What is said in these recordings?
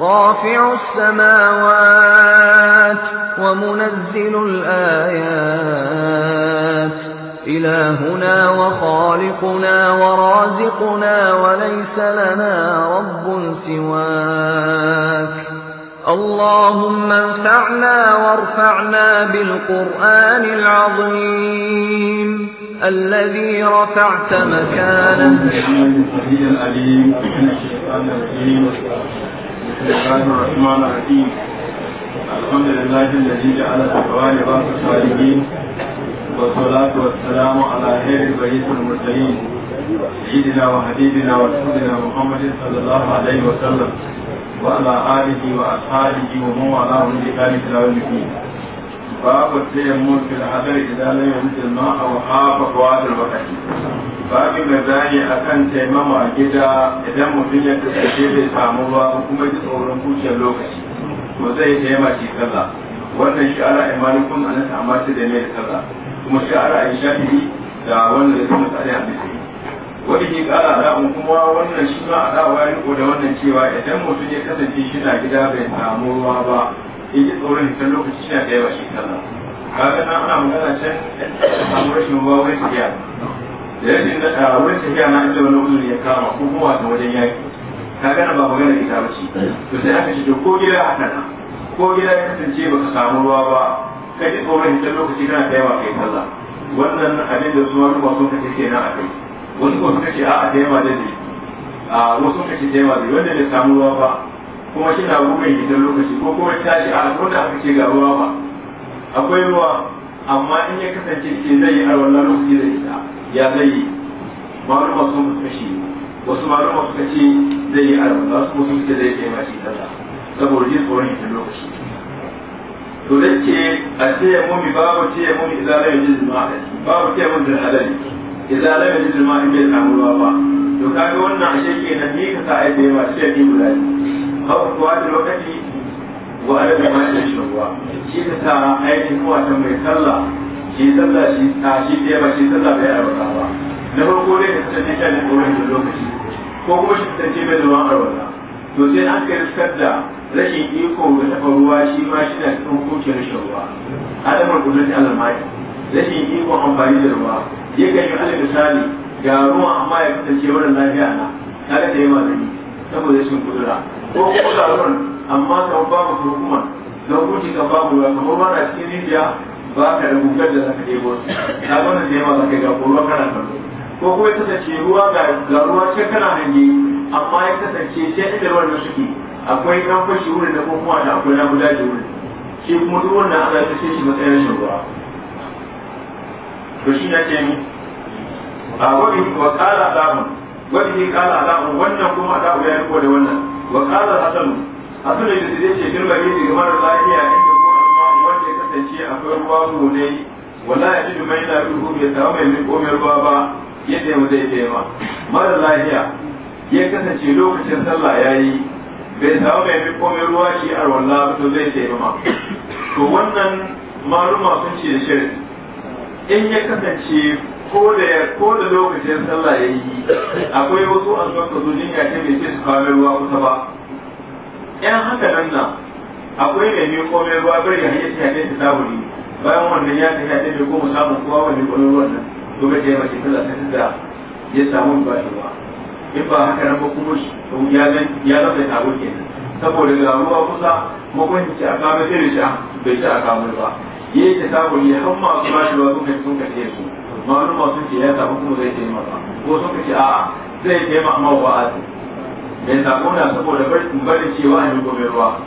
رافع السماوات ومنزل الآيات إلهنا وخالقنا ورازقنا وليس لنا رب سواك اللهم انفعنا وارفعنا بالقرآن العظيم الذي رفعت مكانه الحمد العليم الشيطان الرجيم بسم الله الرحمن الرحيم الحمد لله الذي جعل الأقوال باس الصالحين والصلاة والسلام على خير البريد المرسلين سيدنا وحبيبنا ورسولنا محمد صلى الله عليه وسلم وعلى آله وأصحابه ومن والاه بذلك إلى يوم الدين باب التيمم في الحجر إذا لم يمت الماء وخاف فوات البقر babu mai a kan taimama gida idan mutum ya kasance bai samu ba kuma ji tsoron kuciyar lokaci ko zai taimaki shi kaza wannan shi ara imanukum an ta da mai kaza kuma shi ara in shafi da wannan da kuma tsare hadisi wani ke kara alamun kuma wannan shi ma dawa ya riko da wannan cewa idan mutum ya kasance shi na gida bai samu ruwa ba in ji tsoron hitar lokaci shi na da yawa shi kaza kaga na ana magana can samu rashin ruwa wani tafiya da yadda a wurin tafiya na inda wani uzuri ya kama ko kuma wata wajen yaki ka gana ba magana ita ba ce eh. to sai aka ce ko gida haka na ko gida ya kasance baka samu ruwa ba ka ji tsoron hitar lokaci kana da yawa kai kalla wannan abin da su wani masu kace ke nan a kai wasu ko suka ce a'a a tayama da ne a wasu suka ce tayama da wanda bai samu ruwa ba kuma shi na gumin hitar lokaci ko kuma tashi a ko da aka ce ga ruwa ba akwai ruwa amma in ya kasance ke zai yi a wannan lokaci da ita. ya zai yi malama sun kashi wasu malama suka ce zai yi arba za su musu suka zai kema shi sallah saboda jin tsoron ita lokaci to da ke a ce ya mummi babu ce ya mummi idan rai jin jima'a babu ce ya mummi da halali idan rai jin jima'a in bai samu ruwa ba to kaga wannan a shekke na ni ka sa ai ma yawa shi ne guda ne hawa kuwa da lokaci wa alama ma shi ruwa shi ka sa aikin kuwa ta mai sallah shi sallah shi a shi ɗaya ba shi sallah bai arwata ba na farko dai ka kasance ta da da lokaci ko kuma shi kasance bai da ruwan arwata to sai an kai riskar da rashin iko da tafa ruwa shi ma shi na cikin hukuncin rashin ruwa alamar kudurci alamaki rashin iko amfani da ruwa ya kan yi ala misali ga ruwa amma ya kasance wurin lafiya na kaga da yi magani saboda rashin kudura ko kuma ga ruwan amma kan babu hukuma don hukunci kan babu ruwa kamar ruwa na cikin rijiya ba ka da gugar da zaka debo ta gona da yawa zaka ga ruwa kana kallo ko kuma ta ce ruwa ga ruwa ce kana ni amma ya kasance sai inda ruwan da suke akwai kan fashi wurin da kuma da akwai na guda da wurin shi kuma duk wannan ana ta ce shi matsayin shi ruwa to shi na ce ni a wani wa kala alamun wani ne kala alamun wannan kuma da ya riko da wannan wa kala hasan hasan da yake ce girma ne ga mara lafiya inda kasance akwai ruwa mulai wala ya ji mai na ruhu ya ta mai ko mai ruwa ba ya taimu zai taima mara lafiya ya kasance lokacin sallah ya yi bai ta mai ko mai ruwa shi a ba to zai taima to wannan maluma sun ce shi in ya kasance ko da lokacin sallah ya yi akwai wasu an zuwa ka zo ce bai ce su kawo ruwa kusa ba yan haka nan wurin ya miƙo mai ruwa bai ya hanyar ta ɗaya ta sabuli bayan wannan ya ta ɗaya da goma samun kowa mai miƙo mai ruwan nan to bai ya mace tana ta da ya samu ba shi ruwa in ba haka nan ba kuma ya zan ya zan ta tabo kenan saboda ga ruwa kusa makwanci a kama sai da shi bai ci a kama ba ya yi ta sabuli har masu ba shi ruwa sun kai sun kashe su ma'anu masu ce ya samu kuma zai taimaka ko sun kashe a, zai taimaka ma wa'azi bai sako na saboda barin cewa an yi gobe ruwa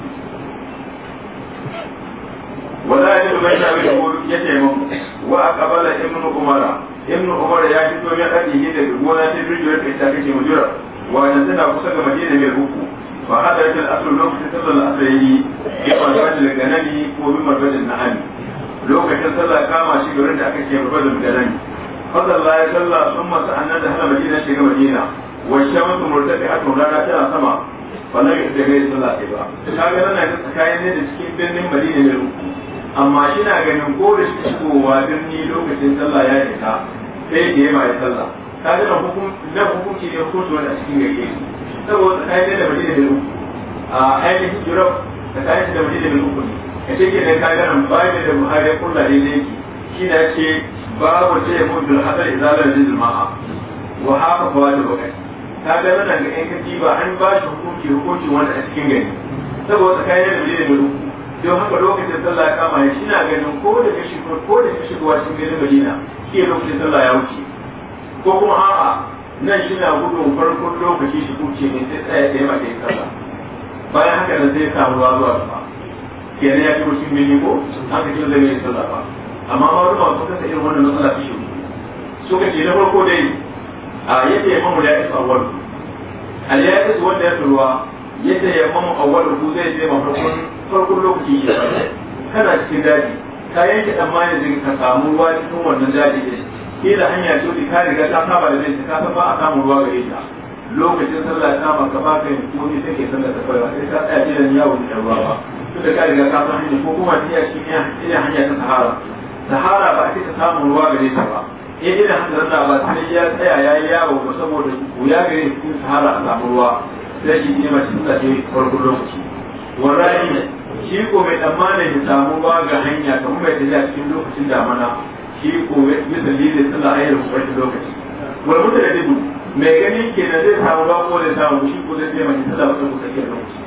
wala ya mai da wani ya ce mun wa aqbala ibnu umara ibnu umara ya fito min ajihi da gona ta rijiyar da ta kace mujura wa nan tana kusa ga madina mai ruku fa hadarat al-asr lokacin sallar asr ya fara da ganani ko bi marbadin na'ami lokacin sallah kama shi garin da aka ce marbadin ganani fadalla ya sallah sun masa annan da hana madina shiga madina sama ba da cikin birnin amma shi na ganin ko da shi shigowa birni lokacin sallah ya isa sai da yayi sallah ta ga na hukum na hukunci ne ko wanda a cikin gare saboda kai ne da madina da ru a ainihin europe jira da madina da uku ne a cikin da ka nan ba da buhari ya kulla ne ne shi na ce babu ce mun bil hadar izalar zil ma'a wa haka fa da bakai ta ga nan ga yan ba an ba shi hukunci hukunci wanda a cikin gari saboda ne da madina da ru don haka lokacin sallah ya kama ya shi na ganin ko da ta shigo ko da ta shigo cikin birnin Madina shi lokacin sallah ya wuce ko kuma a'a nan shi na gudun farkon lokaci shi kuce ne sai tsaya tsaye mata yin sallah bayan haka nan zai samu ruwa zuwa sama kenan ya shigo cikin birni ko haka kin zai yin sallah ba amma ma wani masu kasa irin wannan matsala ta shigo suka ce na farko dai a yadda ya mamu da ya isa awwalu al ya isa wanda ya fi yadda ya mamu a awwalu zai je mafarkon farkon lokaci ya kana cikin daji ka yanke tsammanin da ka samu ruwa cikin wannan daji ne kila hanya ce ka riga ta saba da zai ka san ba a samu ruwa gare ta lokacin sallah ta ka ba ka yin kuma take sallah ta fara sai ka tsaya gidan yawon da ruwa ba tunda ka riga ka san hanya ko kuma ta shi ne hanya ta sahara sahara ba ake ta samun ruwa gare ta ba eh, ya ji da hanzarin da ba sai ya tsaya ya yi yawo ba saboda wuya gare ta sahara a samu ruwa sai shi ne mace suna ce farkon lokaci warra'iya shi ko mai tsammanin ya samu ba ga hanya kamar mai tafiya cikin lokacin damana shi ko misali da suna ayyar wani lokaci wani mutu da dubu mai gani ke na zai samu ba ko da samu shi ko zai taimaki sallah wata kusa iya lokaci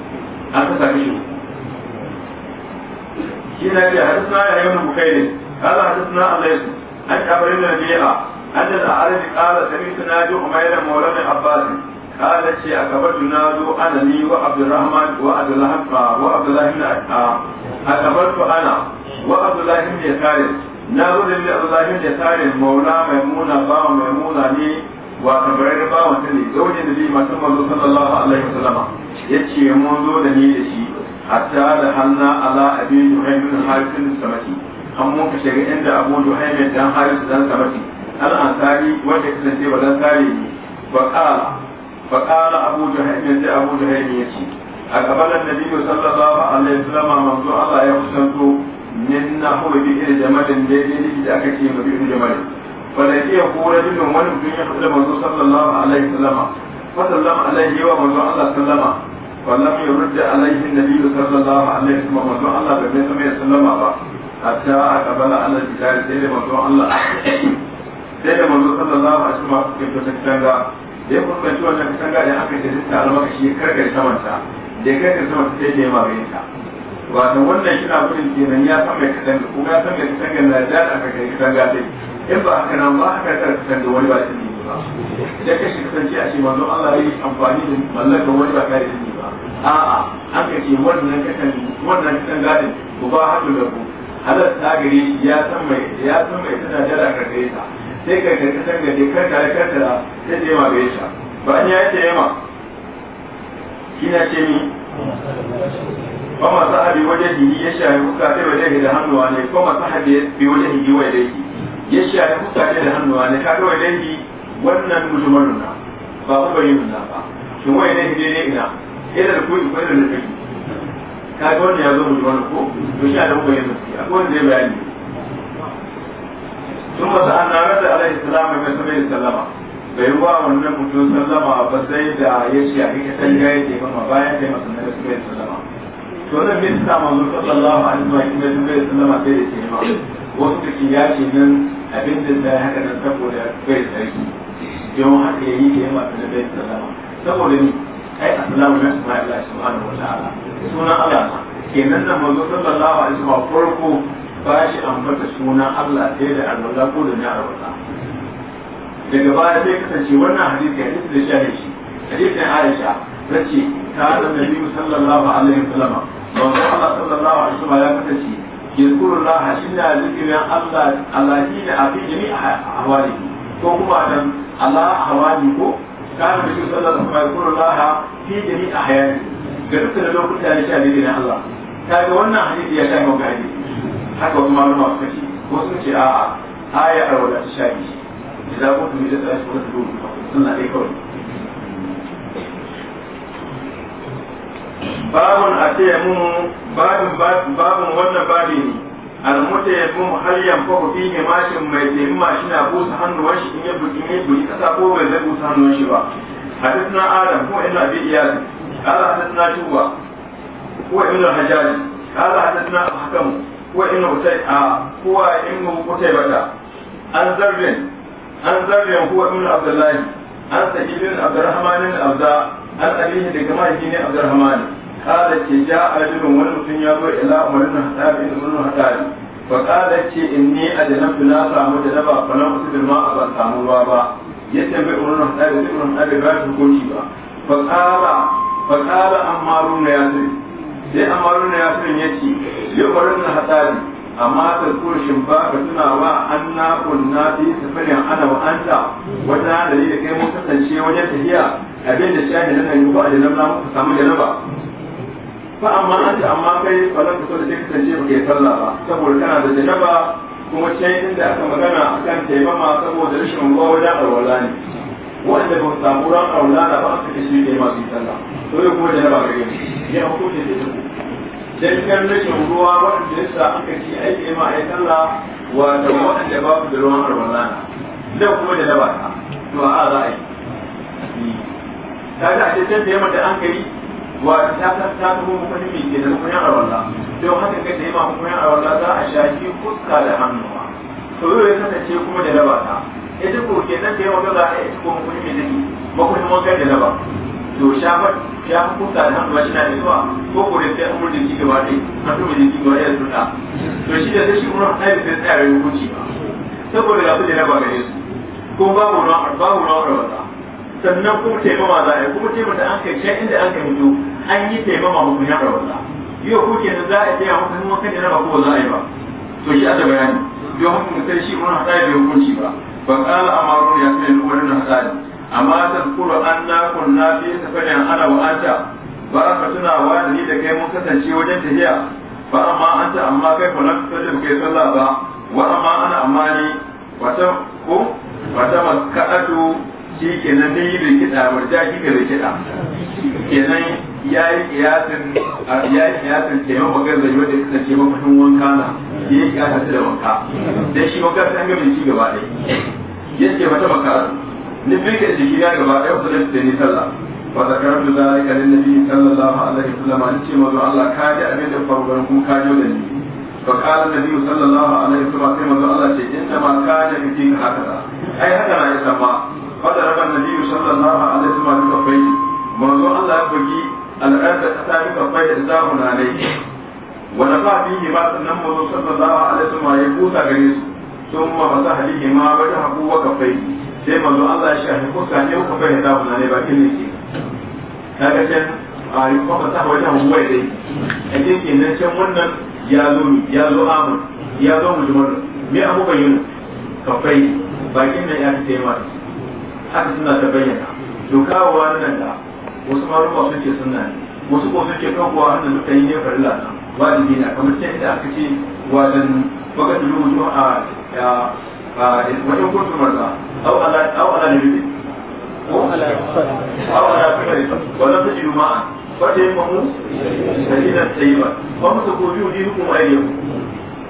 an ka sami shi shi na ce hadisna ya yi wani mukailin kala hadisna alaikum an tabarin da bi'a an da al'arif kala sami suna ji umayyar maulamin abbasin قال شيء أكبرتنا ذو أنا لي وعبد الرحمن وعبد الله وعبد الله بن أكبرت أنا وعبد الله بن يسار نقول لي عبد الله بن يسار مولى ميمونة باو ميمونة لي وكبرير باو تلي زوج النبي ما ثم صلى الله عليه وسلم يتشي منذ دني لشي حتى دخلنا على أبي جهيم بن الحارث بن السمتي هم ممكن شيء عند أبو جهيم بن الحارث بن السمتي الأنصاري وجه كسنتي والأنصاري وقال فقال أبو جهيم يجي أبو جهيم يجي أقبل النبي صلى الله عليه وسلم منذ الله يقسمت من نحو بئر جمل ليلي لأكتي بئر جمل فلقيه رجل ومن في يقبل منذ صلى الله عليه وسلم فسلم عليه ومنذ الله سلم ولم يرد عليه النبي صلى الله عليه وسلم منذ الله بمثل سلم حتى أقبل على الجدار سيد منذ الله سيد منذ صلى الله عليه وسلم كيف تكتنغا da ya fuskanci wannan katanga da aka yi ta almakashi ya karkare samansa da ya karkare samansa sai ya magani ta wato wannan shi na gudun kenan ya san mai katanga kuma ya san mai katanga na da aka karkare katanga sai in ba haka nan ba haka karkare katanga wani ba ta ne ba idan ka shi kasance a ce manzon Allah ya yi amfani da mallakar wani ba kare ne ba a'a an ka ce wannan katanga wannan katanga din ku ba hadu da ku halar ta gare ya san mai ya san mai tana da aka karkare ta sai ka karɓi san gaje kar ka yi karkara sai ta ma gare ta bayan ya yi ma kina ce mi ba ma sahabi wajen hihi ya shahi huka sai wajen da hannuwa ne ko ma sahabi bi wajen hihi wa yadaihi ya shahi huka sai da hannuwa ne kaga wajen hihi wannan musulmanin na ba ku bari mun na ba shin wa ne daidai ina ina da kuɗi ko ina da ka ga wannan ya zo musulmanin ko to shi a da ku bari mun ko wanda ya bayani sun masa an na rada alaihi salama mai mai sallama bai ruwa wannan mutum sallama ba sai da ya ce a kika tanga ya taimama bayan da masa na mai sallama to nan bin sa manzo sallallahu alaihi wa sallam mai sallama sai da taimama wasu da ya ce nan abin da zai haka nan saboda bai sarki yawan haka ya yi taimama da mai sallama saboda ni ai assalamu alaikum wa rahmatullahi wa barakatuh sunan Allah kenan da manzo sallallahu alaihi wa sallam farko ba shi ambata suna Allah sai da alwala ko da ya alwala daga baya sai kasance wannan hadisi hadisi da shi shi hadisin Aisha ta ce ta da Nabi sallallahu alaihi wasallam manzo Allah sallallahu alaihi wasallam ya kasance yazkurullah shina zikirin Allah Allah shi da afi jami'a ahwali ko kuma dan Allah ahwali ko kana Nabi sallallahu alaihi wasallam yazkurullah fi jami'a ahyani ga dukkan lokuta da shahe ne Allah kaga wannan hadisi ya shahe wannan haka kuma malama suka ce ko suka ce a'a aya a wadda ta shafi da ku tuni da tsaya ko da sun na dai kawai babun a ce mun babin babin wannan babi ne almuta ya fi muhalliyan fa fi ne mashin mai taimma shi na busa hannuwan shi in ya buki ne buki kasa ko bai zai busa hannuwan shi ba حدثنا ina هو iyali. أبي إياس قال حدثنا شوى هو ابن الحجاج قال حدثنا الحكم ko in a kuwa an zarrin an zarrin huwa an sa'idin abdurrahman ibn abda an alihi daga mahaifi ne abdurrahman kada ce ja ajibin wani mutum ya zo ila umarin hatabi da sunan hatabi fa kada ce in ne a janabtu na samu janaba fa nan usu girma a ban samu ruwa ba ya tambayi umarin hatabi da sunan hatabi ba shi ba fa kara fa kara amma runa ya zai sai amaru na ya sun yaki yau barin na hatsari amma ta kurshin ba ka tunawa an na kunna fi safarin ana wa anta wata da da kai mun kasance wajen tafiya abin da shahi nan nan ba da nan muka samu janaba fa amma an ta amma kai falan ka so da kai kasance ba kai sallah ba saboda kana da janaba kuma can inda aka magana akan taimama saboda rashin ruwa wajen alwala ne wanda ba su samu ran da ba aka kashe ke masu tsalla to ya kuma ba ga gani ya ke da duk dan kan rashin ruwa wanda ya sa aka ci aiki ma ai talla, wa da wanda ba su da ruwan arwalana da kuma jaraba ta to a za a yi da ce cikin da yamma da an kai wa ta ta ta mu mukalimi ke da mukunya arwala don haka kai da mu mukunya arwala za a shaki fuska da hannuwa to yau ya kasance kuma ba ta ita ko ke nan da yawa ga za a yi ko mun yi zaki ba ku mun kai da laba to shafar ya fi kuka da hannu shi na da zuwa ko ko da sai umar da gaba dai na to da gaba ya sunna to shi da shi umar ai da tsaya ya hukunci ba saboda ga su na ba gare su ko babu na babu na wata sannan kuma taimama za a yi kuma taimama da an kai can inda an kai hito an yi taimama mutum ya rawata yau ko kenan za a taya mutum kuma kan da na ba ko za a yi ba to shi a ta bayani yau mutum sai shi mun hada da hukunci ba فقال أمر يا سيد الأول بن حسان أما تذكر أنا كنا في سفر أنا وأنت بركتنا والدي لكي مكتن شي وجنت هي فأما أنت أما كيف لم تجب كيف الله وأما أنا أماني وتمكو وتمكأت shi kenan dai yi bai kiɗa murja shi bai kiɗa kenan ya yi kiyasin ya yi kiyasin kenan ba gaza yau da ya kasance mafashin wanka na ya yi kiyasin da wanka dan shi wanka sai an gaba shi gaba ɗaya yake mata makara ni fike shi na gaba ɗaya ku da ni sallah fa zakartu zalika lin nabi sallallahu alaihi wasallam an ce manzo Allah ka ji abin da faru garin kuma ka ji da ni fa qala nabi sallallahu alaihi wasallam sai manzo Allah ce inna ma ka ji biki haka ai haka na ya sama fa da rabban nabi sallallahu alaihi wasallam ka bai manzo Allah ya bugi al'adda ta tafi ka bai da zahuna ne wa nafa bihi ba sannan manzo sallallahu alaihi wasallam ya kusa gare su sun ma maza halihi ma ba ta haku wa fai sai ma mazu Allah ya shahi fuska ne kuka bai da na ne ba kin ne kaga can a yi kuma ta hawa ta huwa dai a cikin nan can wannan ya zo ya zo amin ya zo mujmal me abu ka fai bakin nan ya fice mai haka suna ta bayyana dokawa nan da wasu maruma sun ce sunna ne wasu ko sun ce kan kuwa wannan da kai ne farilla wajibi na kamar sai da aka ce wajen وقد يوجد وإن كنت مرضى أو على أو على نبي أو على سفر ولم تجدوا معا فتيمموا سبيلا طيبا فامسكوا بوجوهكم وأيديكم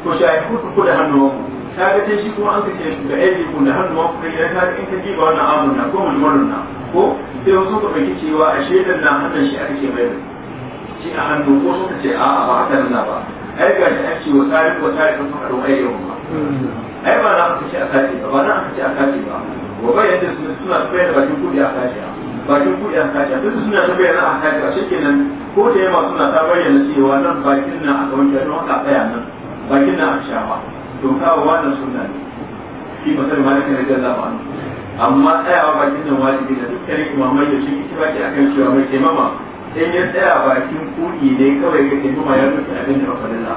وشاهدوكم كل هنوكم kaga dai shi kuma an kace da aiki ko da hannu ko kai ka in ka ji ba wannan abun na ko mulmulun na ko sai wasu ka bai cewa a shedan na hannun shi ake mai shi a hannu ko suka ce a'a ba haka na ba ai ga shi an ce wa tsarin wa tsarin kuma a ruwa yau ba ai ba na aka ce a kace ba ba na aka ce a kace ba wa bayan da suna bayan bakin kudi a kace bakin kudi a kace duk suna ta bayan a kace a shekenan ko da yamma suna ta bayyana cewa nan bakin nan aka wanke don haka tsaya nan bakin nan a shawa to kawo wannan sunna ne shi masar malikin radiyallahu anhu amma tsayawa bakin nan wajibi da dukkanin imamai da shi kitabaki akan cewa mai taimama in ya tsaya bakin kuɗi ne kawai ga ke kuma ya rufe abin da ba falilla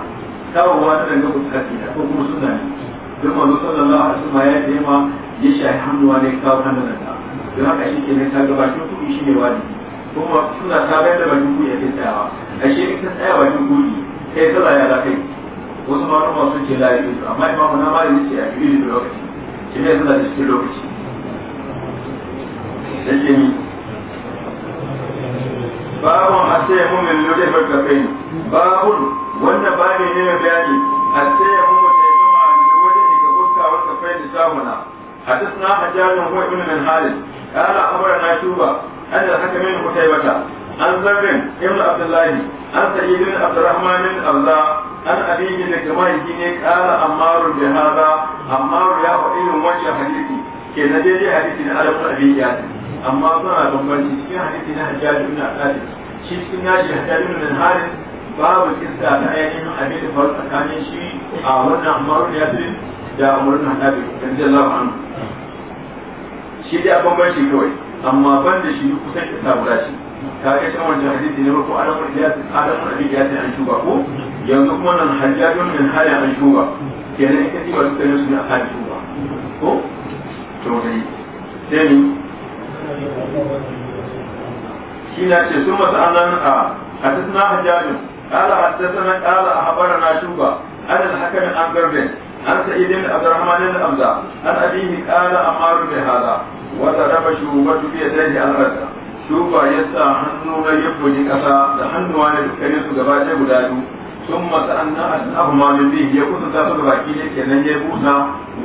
kawai ruwa ta danga kuta na ko kuma suna ne don mazu sallallahu alaihi wasallam ya ce ma ya shahi hannuwa ne kawo hannun da don haka shi ke ne ta ga bakin kuɗi shi ne wani kuma suna ta bayar da bakin kuɗi a ke tsayawa a shi ne ta tsaya bakin kuɗi kai sallah ya yi wasu ma ruwa sun ce layi su amma imamu na ma yi ce a fili da lokaci shi ne suna da cikin lokaci. ni. babun a sai mu mai lura da kafe babun wanda ba ne ne mai bayani a sai mu mu sai kuma da wani ne ga kuka wa kafe da samuna hadisna hajjan ko ibn min halid kana amara na tuba anda haka min kutai bata an zarrin ibn abdullahi an sa'id ibn abdurrahman ibn abda an abiji da kamar ne kala amaru da amaru ya faɗi mun wancan hadisi ke na daidai hadisi na alaƙar abin yasin amma suna bambanci cikin hadisi na hajjaji ibn al-qasim shi cikin yaji hajjaji ibn al-haris babu kissa ta ainihin abin da faru tsakanin shi a wannan amaru ya fi da umarnin hadabi lafa anhu shi dai a bambanci kawai amma ban da shi kusan ta guda ce ta ga shan wancan hadisi ne ko alamun iyasin alamun abin fi an shuba ko yanzu kuma nan hajjaji ibn al-haris an shuba kenan ita ce ba su kare su ne a kan shuba ko to dai sai shi na ce sun masu anan a hadisna hajjajin ƙala hadisna kala a habara na shuba an alhakan an garbin an sa'idin abdurrahman da amza an abihi kala a maru mai hada wata raba shugabatu biya dai al'arsa shuba ya sa hannu na yin ƙasa da hannuwa ne da kare su gaba ɗaya guda biyu sun masu annan abu mamili ya kusa ta su baki ne kenan ya busa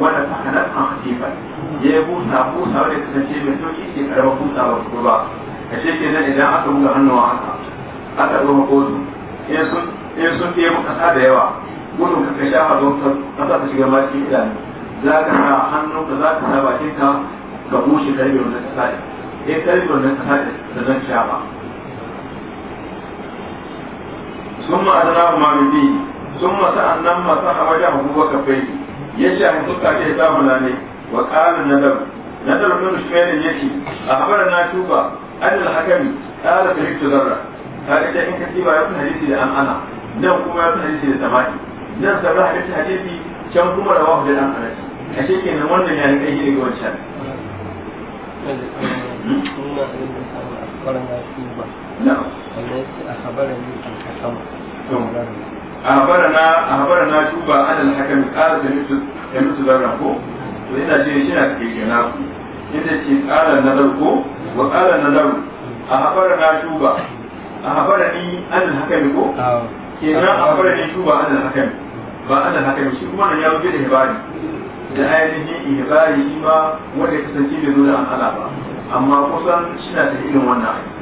wanda ta hana an hatifar ya busa busa wanda ta sace mai sauki ke karama busa ba su ba a idan aka buga hannuwa haka aka ɗora kotu in sun fiye maka da yawa gudun ka kashe a don ta shiga za ka hannu ka za ka ka bushe zan shafa. ثم أدناه ما بفيه ثم سألنا ما صح وجهه وكفيه يشاهد تلك كتاب لاني وقال الندم ندم بن شمال يشي أخبرنا شوفا أن الحكم قال فهمت ذرة هذا إذا إن كتيبا يكون حديثي لأم أنا نعم كما يكون حديثي لسماعي نعم سبلا حديث حديثي كم كما رواه لأم أنا أشيء كنا وانا يعني أيه لك وانشان نعم أخبرنا شوفا نعم أخبرني أخبرنا أخبرنا شوبة أنا الحكم قال سمعت ذرا كو وإن شيء شيء كيكنا إن شيء قال النذر كو وقال النذر أخبرنا شوبة أخبرني أنا الحكم كو كينا أخبرني شوبة أنا الحكم فأنا الحكم شيء كما أنا يوجد إهباري da ainihin ihbari ma wanda kasance bai zo da an ala ba amma kusan shi na ta irin wannan aiki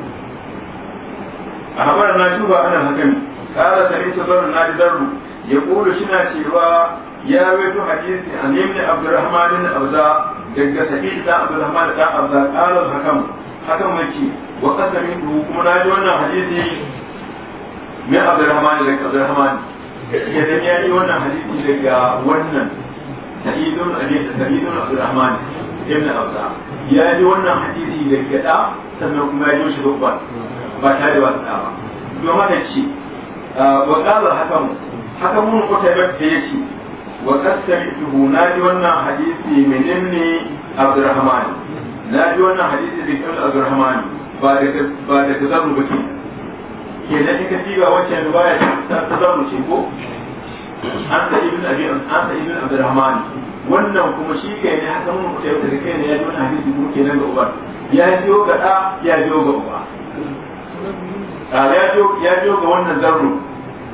أخبرنا شوبة أنا مهم قال سمعت بن نادي ذر يقول شنا شيوا يا ويت حديث عن ابن عبد الرحمن بن أوزا دقة سعيد بن عبد الرحمن بن أوزا قال الحكم حكم مكي وقد سمعته كما نادي وانا حديثي من عبد الرحمن لك عبد الرحمن يدن يعني وانا حديثي لك وانا سعيد سعيد عبد الرحمن ابن أوزا يعني وانا حديثي لك دا سمعكم ما يجوش ضبط ba tare da wasa ba don haka ce ah, wa mun kuta yi kutaibat ya ce wa na ji wannan hadisi min abdurrahmani Na ji wannan hadisi da kyau abdurrahmani ba da ba Ke na bace kenan in ka ba ya riwaya ta tazamu ce ko an sa ibn abi an sa ibn abdurrahmani wannan kuma shi ke ne haka mun yi mutai da kai ne ya ji wannan hadisi kuma nan ga Ubar? ya jiyo ga ɗa, ya jiyo ga uba kala ya biyo ga wannan zarru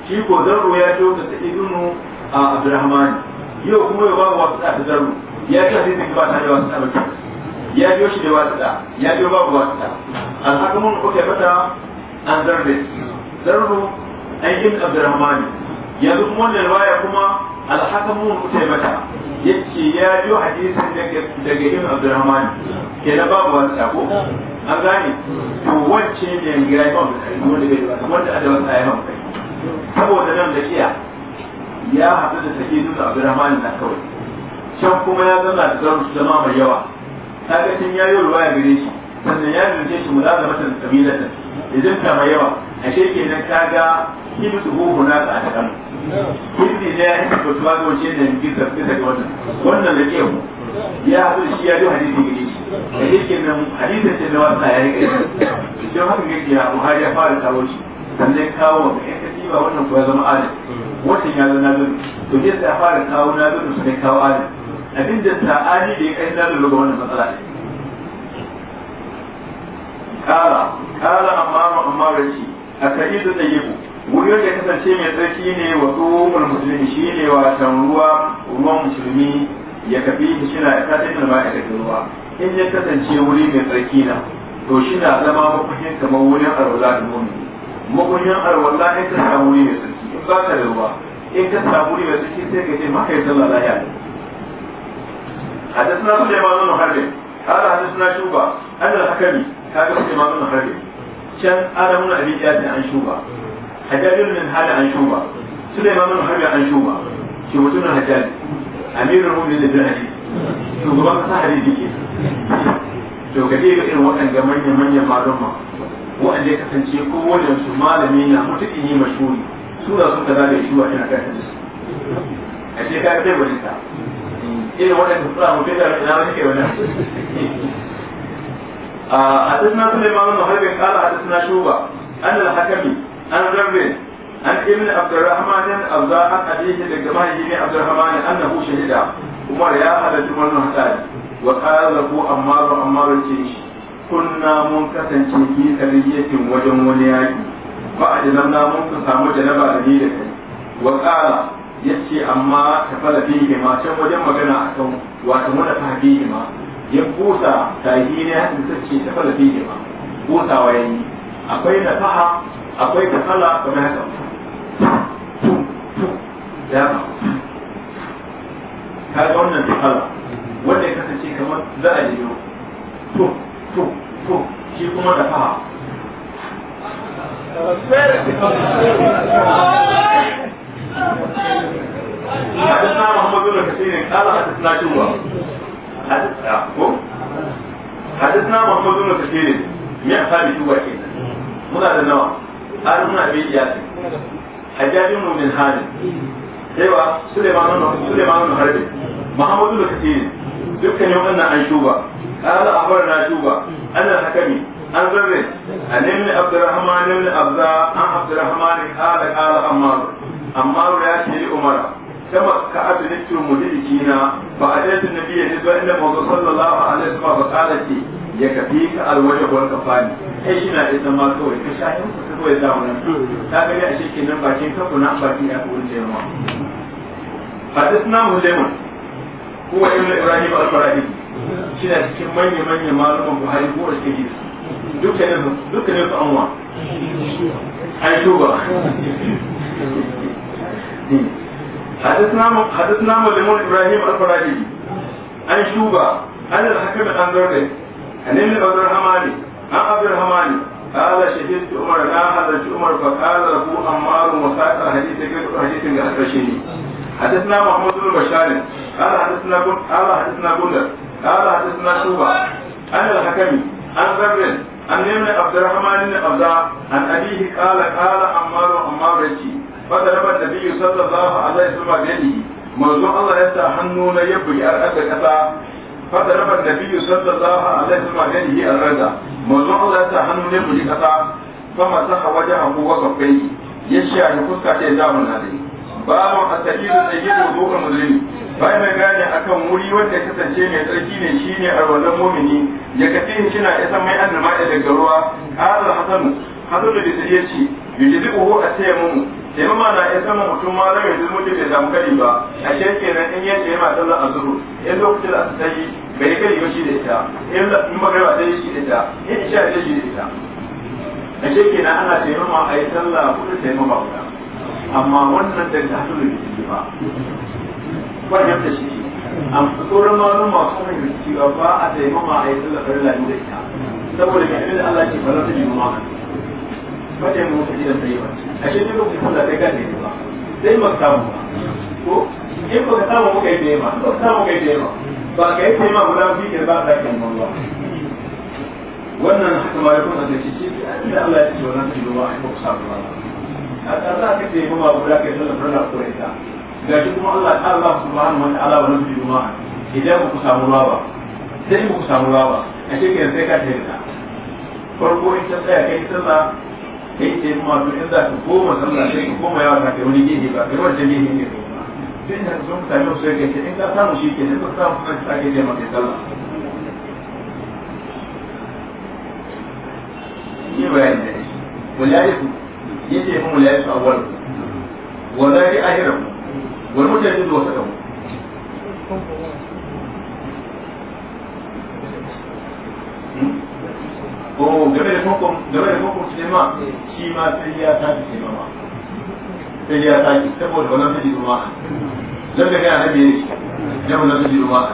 shi ko zarru ya biyo ga ibnu abdurrahman yau kuma ya babu wasu ta zarru ya ce sai ba ta da wasu ta ya biyo shi da wasu ta ya biyo babu wasu ta alhakamun ko ke fata an zarbe zarru an yin abdurrahman yanzu kuma wannan waya kuma alhakamun ko ke fata yace ya biyo hadisin daga ibnu abdurrahman ke na babu wasu ta ko an gane to wacce ne mai gida ya ba kai wanda bai da wanda adawa sa ya ba mu kai saboda nan da kiya ya haɗu da take duka abdurrahman na kawai can kuma ya zama da zaru zama mai yawa kaga tun ya yi ruwa ya gare shi sannan ya nuna shi mu zama mata kabilata idan ta mai yawa ashe kenan kaga hibsu huhu na ka ta kan hindi ne ya yi fatuwa ga wace da yanzu ga wannan wannan da ke mu ya haɗu shi ya yi hadisi gare shi da yake nan hadisin sai na wasa ya yi gare shi don haka yake ya buhari ya fara kawo shi sannan kawo wanda ya kasi ba wannan ya zama adam wancan ya zo na zuru to ke sa fara kawo na zuru sannan kawo adam abin da ta ali da ya kai na zuru ga wannan matsala ne Kala. Kala amma amma rashi a sa'idu da yibu wuyar da kasance mai tsarki ne wa tsohon musulmi shine watan ruwa ruwan musulmi ya kafi shi shina ya tafi da ma'aikatan ruwa in ya kasance wuri mai tsarki na to shi na zama makuhin kamar wurin arwala da nomi makuhin arwala in ka samu wuri mai tsarki in ba ka da ruwa in ka samu wuri mai tsarki sai ka ce maka yi sallah حدثنا سليمان بن حرب قال حدثنا شوبة أن الحكمي قال سليمان بن حرب كان آدم بن أبي جاد عن شوبة حجاج بن هذا عن شوبة سليمان بن حرب عن شوبة شوبة بن حجاج amirul mu'minin da hadisi shugaban kasa hadisi ke to ga dai irin waɗanda manyan manyan malumma waɗanda ya kasance ko wajen su malami na mutukin yi mashuri da shi wajen aka hadisi a ce ka kai wani ta irin waɗanda da ina wani ke wani a an ibn abdurrahman abza an abihi daga mahaifi abdurrahman annahu shahida umar ya halarci wannan hadari wa qala lahu ammar ammar ce shi kunna mun kasance fi kariyatin wajen wani yaki ba a jinan mun ka samu janaba da ni da kai wa qala yace amma ta fara fihi ma can wajen magana akan wato muna ma ya kusa tahi ne da ce ta fara fihi ma kusawa yayi akwai nafaha akwai kamar dama ka ga wannan tsala wanda ya kasance kamar za a jiyo to to to shi kuma da faha Abin na Muhammad Bello ka shine kala a tattuna cin ruwa. Hadis na Muhammad Bello ka shine miya fari duba ke nan. Muna da nawa, har muna bai iya ce. hajjaj ibn min hani kaiwa suleiman ibn suleiman ibn harbi muhammad ibn kathir dukkan yau annan an shuba qala akhbarna shuba anna hakami an zarre an ibn abdurrahman ibn abza an abdurrahman ala qala ammar ammar ya ce umara kama ka ati nitu mudiri kina ba nabiya ni zuwa inda mawazo sallallahu alaihi wa sallam ya ka ka alwaje ka fani da zama ka sha da wannan shi ka kuna ma ibn ibrahim al-faradi cikin malaman buhari ko da kike anwa ai حدثنا حدثنا مليمون ابراهيم الفراجي عن شوبة عن الحكم عن زرده عن ابن عبد الرحمن عن عبد الرحمن قال شهدت عمر لا حدثت عمر فقال له عمار وساق حديث كيف حديث من الحبشيني حدثنا محمود بن بشار قال حدثنا قال حدثنا بندر قال حدثنا شوبة عن الحكم عن زرده عن ابن عبد الرحمن بن عبد عن أبيه قال قال عمار عمار رجي bada rama da biyu sallallahu alaihi wasallam gani manzo Allah ya sa hannu na yabu ya rada kasa bada rama da biyu sallallahu alaihi wasallam gani ya rada manzo Allah ya sa hannu na yabu ya kasa kuma sa hawaje abu wa kafai ya sha ni fuska ta da mun hade ba mu atakiru da yin wudu'u muslimi bai mai gane akan wuri wanda ya kasance mai tsarki ne shine arwazan mumini ya kace ni kina ya mai annabi da garuwa qala hasan hadu da ya ce yujibuhu atayamu taimama na iya sama mutum ma na yanzu mutum bai samu kari ba a shi kenan in ya taimama sallar azuru in lokacin da ta yi bai kari ba shi da ita in magana ta yi shi da ita in isha ta shi da ita a shi kenan ana taimama a yi sallah kudu taimama guda amma wannan da ta hasulu da ba wannan ta shi a tsoron malum masu hanyar shi ba a taimama a yi sallar farilla da ita saboda mai da Allah ke falar da jima'a mace mai mutu gidan tsaye ba a shi ne lokacin sallah sai gane ne ba sai ba samu ba ko in ba ka samu muka yi ba ka samu kai da yamma ba ka yi da yamma guda biyu ke ba a ɗakin ba. wannan haka ya kuma da shi shi da Allah ya ce wannan shi ruwa ai ba ku samu ba a tsara ka ce ba guda kai sallah fara ko ita ga shi kuma Allah ta Allah subhanahu wa ta'ala wannan shi ruwa idan ku samu ruwa ba sai ku samu ruwa ba a shi ke sai ka tafi farko in ta tsaya kai sallah kai ce ma to in za ka koma sallah sai ka koma yawa ka wani gehe ba kai wancan gehe ne sai ka zo ta su sai kai in ka samu shi ke in ka samu kuma ka sake je maka sallah ni bayan da shi yace mu mulaiku awwal wa zari ahiram wal mujaddid wa sadamu ko game da hukum game da hukum sinema shi ma sai ya sai ya saboda wannan ruwa dan da kai annabi ne na ruwa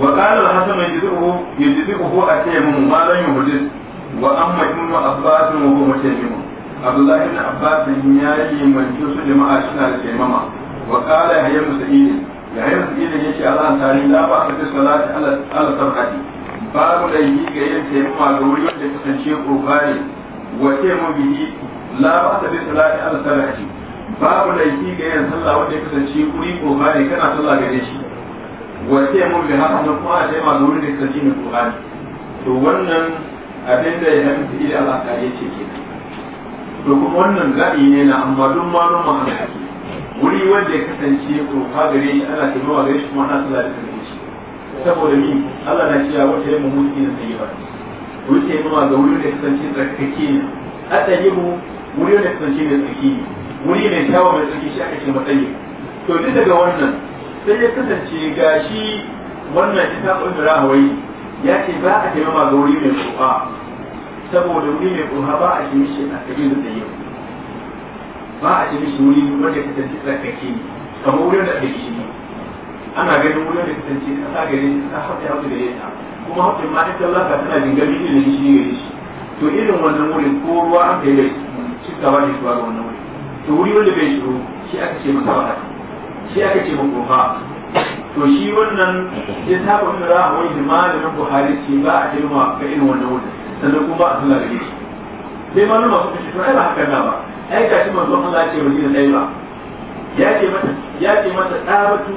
وقال الحسن يجزئه يجزئه أتيم ما لا يهدد وأما إما أبات وهو متيم عبد الله بن عباس ياي من جوس جماعة شنا وقال هي مسئين ga yin su ne yake Allah an tare da a fiska za ta Allah sarkati ba mu yi ga ga wuri da kasance kokari wace mu bi la ba ta fiska za ta Allah sarkati ba mu yi ga yin sallah wace kasance kuri kokari kana sallah gare shi wace mu bi haka kuma a sai ma wuri da kasance ne kokari to wannan abin da ya hanci ile Allah ta to kuma wannan ga'i ne na amma duk ma mu hanci wuri wanda ya kasance tofa gare shi ana taimawa gare shi kuma ana sallah da tare shi saboda min Allah na cewa wata yamma mutu na tsayi ba wuri taimawa ga wuri da ya kasance tsarkake ne a tsayi mu wuri wanda ya kasance mai tsarki wuri mai kyawa mai tsarki shi aka ce matsayi to duk daga wannan sai ya kasance gashi wannan ita tsundura hawaii ya ce ba a taimama ga wuri mai tsofa saboda wuri mai tsofa ba a shi mishi a tsayi da tsayi ba a ce mishi wuri wanda ya kasance tsarkake ne kamar wurin da ake shi ana ganin wurin da kasance kasa gare ta hafi hafi da ta kuma hafi ma ita laka tana jingami ne da shi gare shi to irin wannan wurin ko ruwa an kai bai cikawa ne zuwa ga wannan wurin to wuri wanda bai shigo shi aka ce masa wada shi aka ce makoha to shi wannan ya saba wanda ra a wani malamin buhari ce ba a jirma ga irin wannan wurin sannan kuma a sallah gare shi sai malama suka ce to ai ba haka na ba ai ga shi manzo Allah ce wani da ɗaya ya ce mata ya ce mata ɗabatu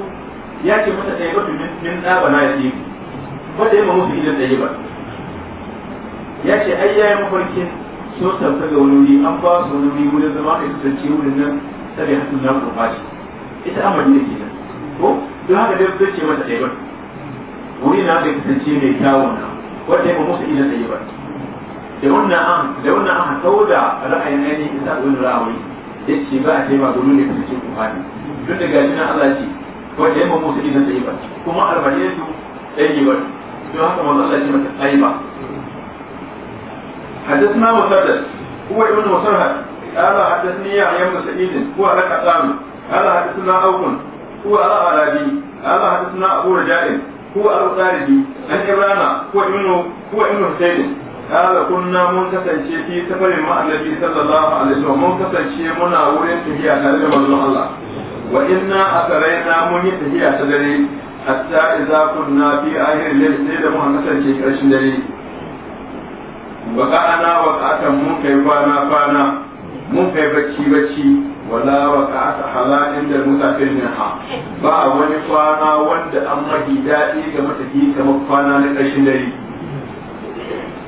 ya ce mata ɗaya batu min ɗaba na yake da ya su idan ɗaya ba ya ce ai ya yi mafarkin so tamta ga wani wuri an ba su wani wuri wurin zama a kasance wurin nan sabai hatun na kurbaci ita amadi da ke nan ko don haka dai zai ce mata ɗaya batu wuri na da kasance mai kyawun nan wanda ya su idan ɗaya ba da wannan an da wannan an sauda ra'ayin ne isa ibn rawi yace ba a ce ba gulu ne cikin buhari duk da gashi na Allah ce ko da yamma musu idan sai ba kuma arba'iyatu sai ba to haka manzo Allah ce mata sai ba حدثنا مسدد هو ابن مسرهد قال حدثني يحيى بن سعيد هو لك قال حدثنا أوفن هو الأعرابي قال حدثنا أبو رجاء هو الأوطاردي عن إبرانا هو ابن هو ابن حسين قال كنا منتسن شيء في سفر مع النبي صلى الله عليه وسلم منتسن شيء منا ورين تهيا تهيا من الله وإنا أترينا من تهيا تدري حتى إذا كنا في آخر الليل سيد محمد شيء كرشن دري وقعنا وقعة من كيفانا فانا mun kai bacci bacci wala waka aka hala inda mutafin min ha ba wani kwana wanda an mahi daɗi ga matafi kamar kwana na ƙarshen dare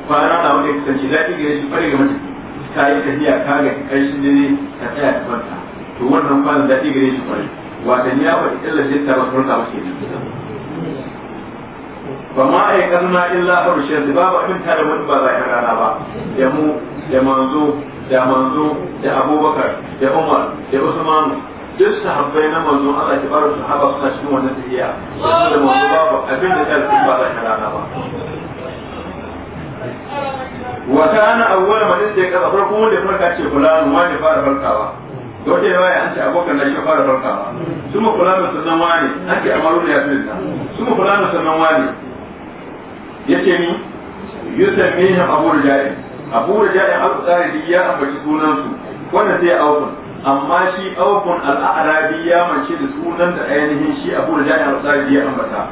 kwana na da kasance daɗi gare shi fari ga mace ta yi tafiya ta ga ƙarshen dare ta tsaya ta kwanta to wannan kwanan daɗi gare shi fari, kwarai wasanni ya faɗi ƙillashe ta masu rota mace ne ba ma a yi ƙarna illa a rushe su babu abin tare wani ba zai rana ba da mu da manzo da manzo da abubakar da umar da usmanu duk sahabbai na manzo Allah ya bar su haba su cikin wannan tafiya da manzo babu abin da ta ba zai rana ba wa kana awwal man istaqa farko wanda farka ce fulanu wani fara farkawa Dole yawa ya an ce abokan da shi fara farkawa su mu fulanu sannan wani an ce amaru da ya fi da su mu fulanu sannan wani yace ni yusammihi abu rajai abu rajai abu tsari ya ambaci sunan su wanda sai awfun amma shi awfun al-a'rabi ya mance da sunan da ainihin shi abu rajai abu tsari ya ambata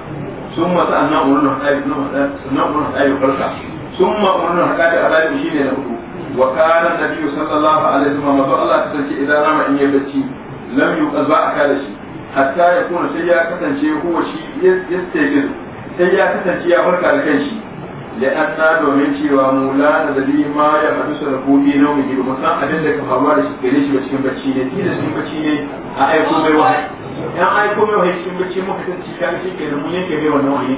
sun masa annan urun da sannan urun da farka sun ma'amurin hakata a zaɓi shi ne na hudu wa karan da biyu sallallahu alaihi wa mazu Allah ta sarki idan rama in yi bacci lam yi ba a kada shi hatta ya kuna sai ya kasance huwa shi ya sai ya kasance ya farka da kan shi la'anna domin cewa mu la nadri ma ya hadisu da kudi na mu gidu musan abin da ka faruwa da shi gare shi ba cikin bacci ne ni da cikin bacci ne a aiko mai wa yan aiko mai wa cikin bacci mu muka san cikin shi ke da mu yake mai wannan wani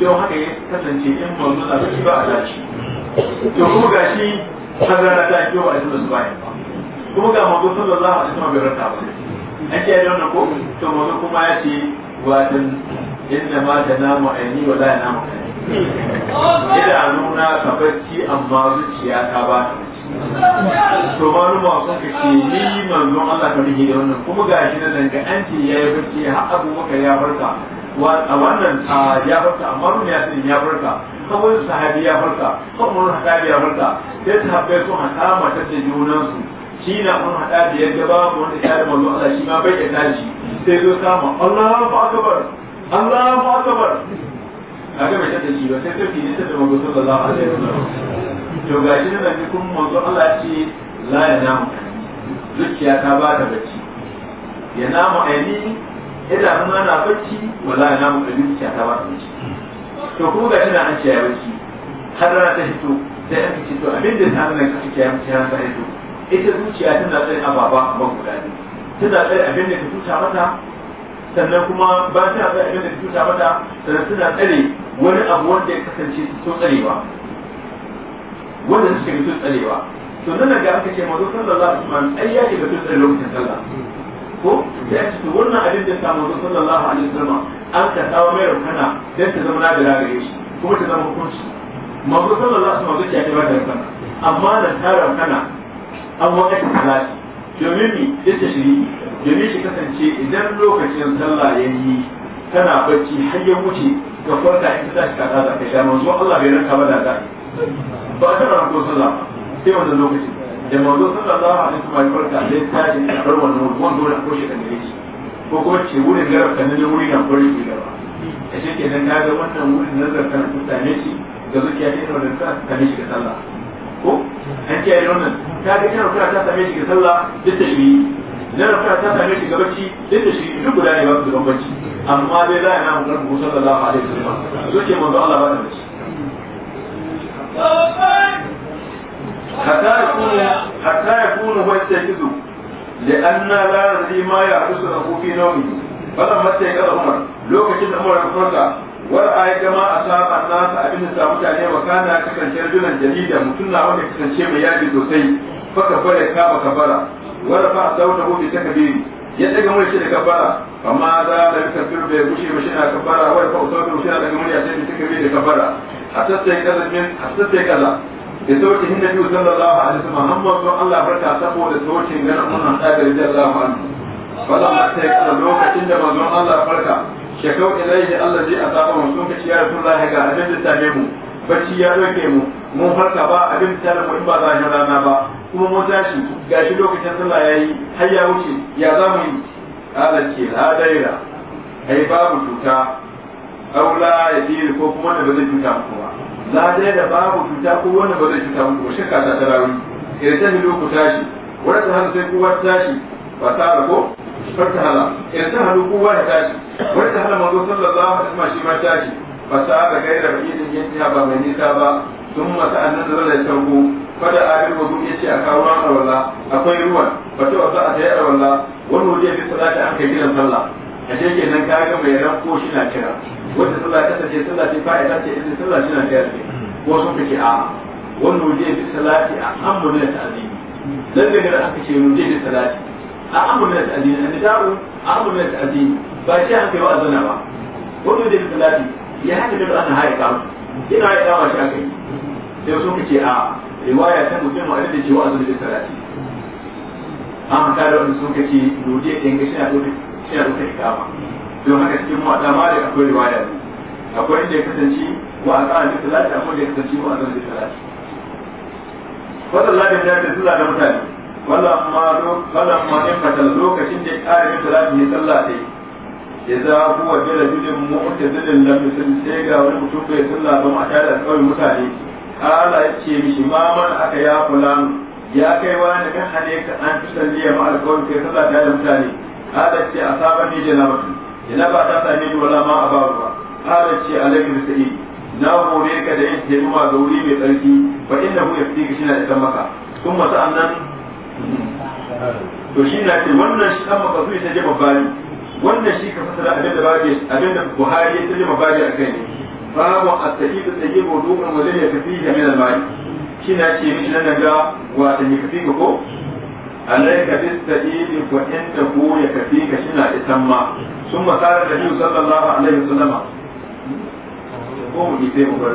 don haka ya kasance in manzo a bacci ba a dace to kuma gashi har rana ta kiyo a cikin su bayan kuma ga manzo sallallahu alaihi wasallam bai rata ba an ce da wannan ko to manzo kuma ya ce wa dan inna ma tanamu aini wa la yanamu aini idanuna ka bacci amma zuciya ta ba ta bacci to maluma sun ka ce ni manzon Allah ka rige da wannan kuma ga shi nan ga an ce yayi bacci har abubakar ya farka a wannan ya farka amma ruwan ya sani ya farka kawai sahabi ya farka kawai sahabi ya farka sai sahabbai sun haɗa mata da junansu shi na mun haɗa da yadda ba mu wanda ya da mazu Allah shi ma bai ya tashi sai zo samu Allahu akbar Allahu bar! kaga bai tada shi ba ta kai ne ta manzo sallallahu alaihi wasallam to ga shi da cikin manzo Allah ce la ya namu zuciya ta ba ta bacci ya namu aini idan mun na bacci wala ya namu kalbi zuciya ta ba ta bacci to kuma ga shi na an ce ya bacci har rana ta hito sai an ce to abin da ta nan ka ce ya mutu ta hito ita zuciya tana tsaye ababa amma guda ne tana tsaye abin da ka tuta mata sannan kuma ba ta ga abin da cuta mata sannan suna tsare wani abu wanda ya kasance su so tsarewa wanda su shiga sun tsarewa to nan da aka ce mazo sallallahu alaihi wasallam ai ya shiga sun tsare lokacin sallah ko da ya ce wannan abin da ya samu mazo sallallahu alaihi wasallam an ka tsawo mai rukana dan ta zama nagara gare shi kuma ta zama hukunci mazo sallallahu alaihi wasallam ya ce ba da rukana amma da tara rukana an wakati salati domin ni ya ce shiri domin shi kasance idan lokacin sallah ya yi tana bacci har ya wuce ga farka in ta tashi kaza za ka sha manzo Allah bai ranka ba da ta ba ta ran ko sallah sai wannan lokacin da manzo sallallahu alaihi wasallam farka sai ta tashi a bar wannan ruwan dole ko shi kan da yake ko kuma ce wurin garar kan ne wuri na kore shi gaba a ce kenan ka ga wannan wurin nazar kan mutane shi ga zuciya ta ina da kan shi ga sallah ko an ce wannan ta ga ina ta same shi ga sallah duk da shi jarrabta ta same shi gabaci duk da shi duk guda ne ba su bambanci amma dai za a yana mun karbu sallallahu su wasallam so ke manzo Allah ba da mace hatta yakunu hatta yakunu wa yastahizu li'anna la nadri ma ya'rusu lahu fi nawmi fadan matta ya Umar lokacin da Umar ya farka wal ayi kama asaba nasa abin da mutane makana kasance rajulan jarida mutum na wanda kasance mai yaji sosai فكبر fa كبر ورفع صوته بالتكبير ya daga mun shi da kafara amma za da kafir bai gushe ba shina kafara wala fa usawar shi shina daga mun ya sai take bai da kafara hatta sai kaza min hatta sai kaza da sauki hinda biyu sallallahu alaihi wasallam amma so Allah barka saboda sautin ga mun da Allah anhu wala ma sai kaza lokacin da manzon Allah barka shekau ilaihi Allah ji mun sun kace ya rasulullahi ga hadin da tabe mu bacci ya roke mu mun farka ba abin da mu in ba zahin rana ba kuma mun tashi gashi lokacin sallah yayi har ya wuce ya za mu yi kala ce la daira ai babu cuta aula ya diri ko kuma wanda ba zai cuta mu ba la daira babu cuta ko wanda ba zai cuta mu ba shakka ta tarawi ta hilu ku tashi wanda ta hanzu sai kowa tashi ba ta ko farta hala ta halu kowa ya tashi wanda ta hala manzo sallallahu alaihi wasallam shi ma tashi Fasa ba ka yi da baƙi da ba mai nisa ba. Tumatir a nan da zala ya taɓo. Fadar abubuwan ba ke ce a kawo ranar walla. Akwai ruwan. Fasso a sa a taya ya walla. Wannu waje a bi salatu an ka gina Sallah. A ce ce nan ka gama yanar ko shi na kira. Wata sallar ta sace sallar ta fa'a ta ce ina shi na kira Ko su ka ci a'a wano bi salatu a amma biyar ta addinin. Nan gina an ka keno biyar ta addinin. A amma biyar ta addinin a ni taru a amma biyar ta addinin ba shi an kai wa alzanna ba. Wannan waje bi salatu. ya haka da aka haye ka ina haye ka shi aka yi sai wasu kace a riwaya ta mutum a da cewa azu da salati an ka da wani sun kace dodiya ɗin ga shina ɗauka shina ɗauka ikama don haka cikin mu a tsamari akwai riwaya akwai inda ya kasance wa a ƙara da salati akwai inda ya kasance wa azu da salati wannan lafiya da ta tura da mutane wannan ma lokacin da ya ƙara yin salati ya sallah idza huwa jalabin mu'tazilin lam yusin sai ga wani mutum bai sunna ba ma da kawai mutane ala mishi maman aka ya fulan ya kai kan hane ka an ma alkawai kai da mutane ala yace asaba ni janabatu janaba ta same ni wala ma ba ala na hore ka da yin ga wuri mai tsarki fa innahu shi wannan shi kan maka su wannan shi ka fasara abinda babu abinda Buhari ya tarjima babu akai ne babu at da tsaye ko wa wajen ya laysa ya min al-ma'i kina ce mishi nan ga wa ta ni kafi ko alayka bis-tayyib wa in ko ya kafi ka shina ma summa sara da Nabi sallallahu alaihi wasallam ko mu yi sai mu bar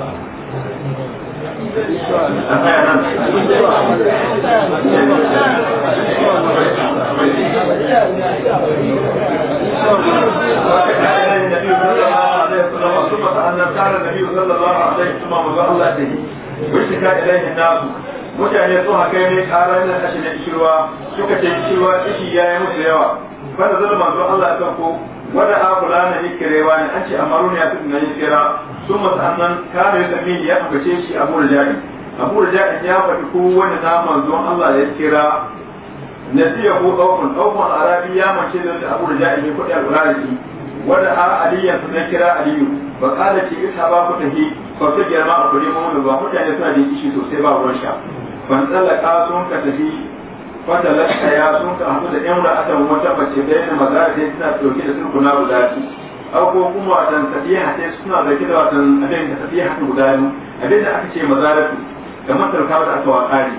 Thank you. mutane sun haka ne ƙara nan ashe na ishirwa suka ce ishirwa ishi ya yi musu yawa fara zama manzo Allah kan ko wanda a kula na hikirewa ne an ce amaru ne a kira sun masu kare sami ya ambace shi abu rajai abu rajai ya faɗi kowane naman zuwan Allah ya kira nasiya ko ɗaukun ɗaukun arabi ya mace da abu rajai ne kuɗi al-qurani wanda a aliyan sun ya kira aliyu ba kada ce isa ba ku tafi ba su girma a kuri mu ba mutane suna da kishi sosai ba ruwan sha ban tsallaka sun ka tafi fata lashka sun ka hasu da yan ra'atan wata mace bayan magana sai suna dauke da sulkuna guda biyu ko kuma watan tafiya ta suna da kira watan abin da tafiya ta guda biyu abin da aka ce mazaratu da matarka da aka wakari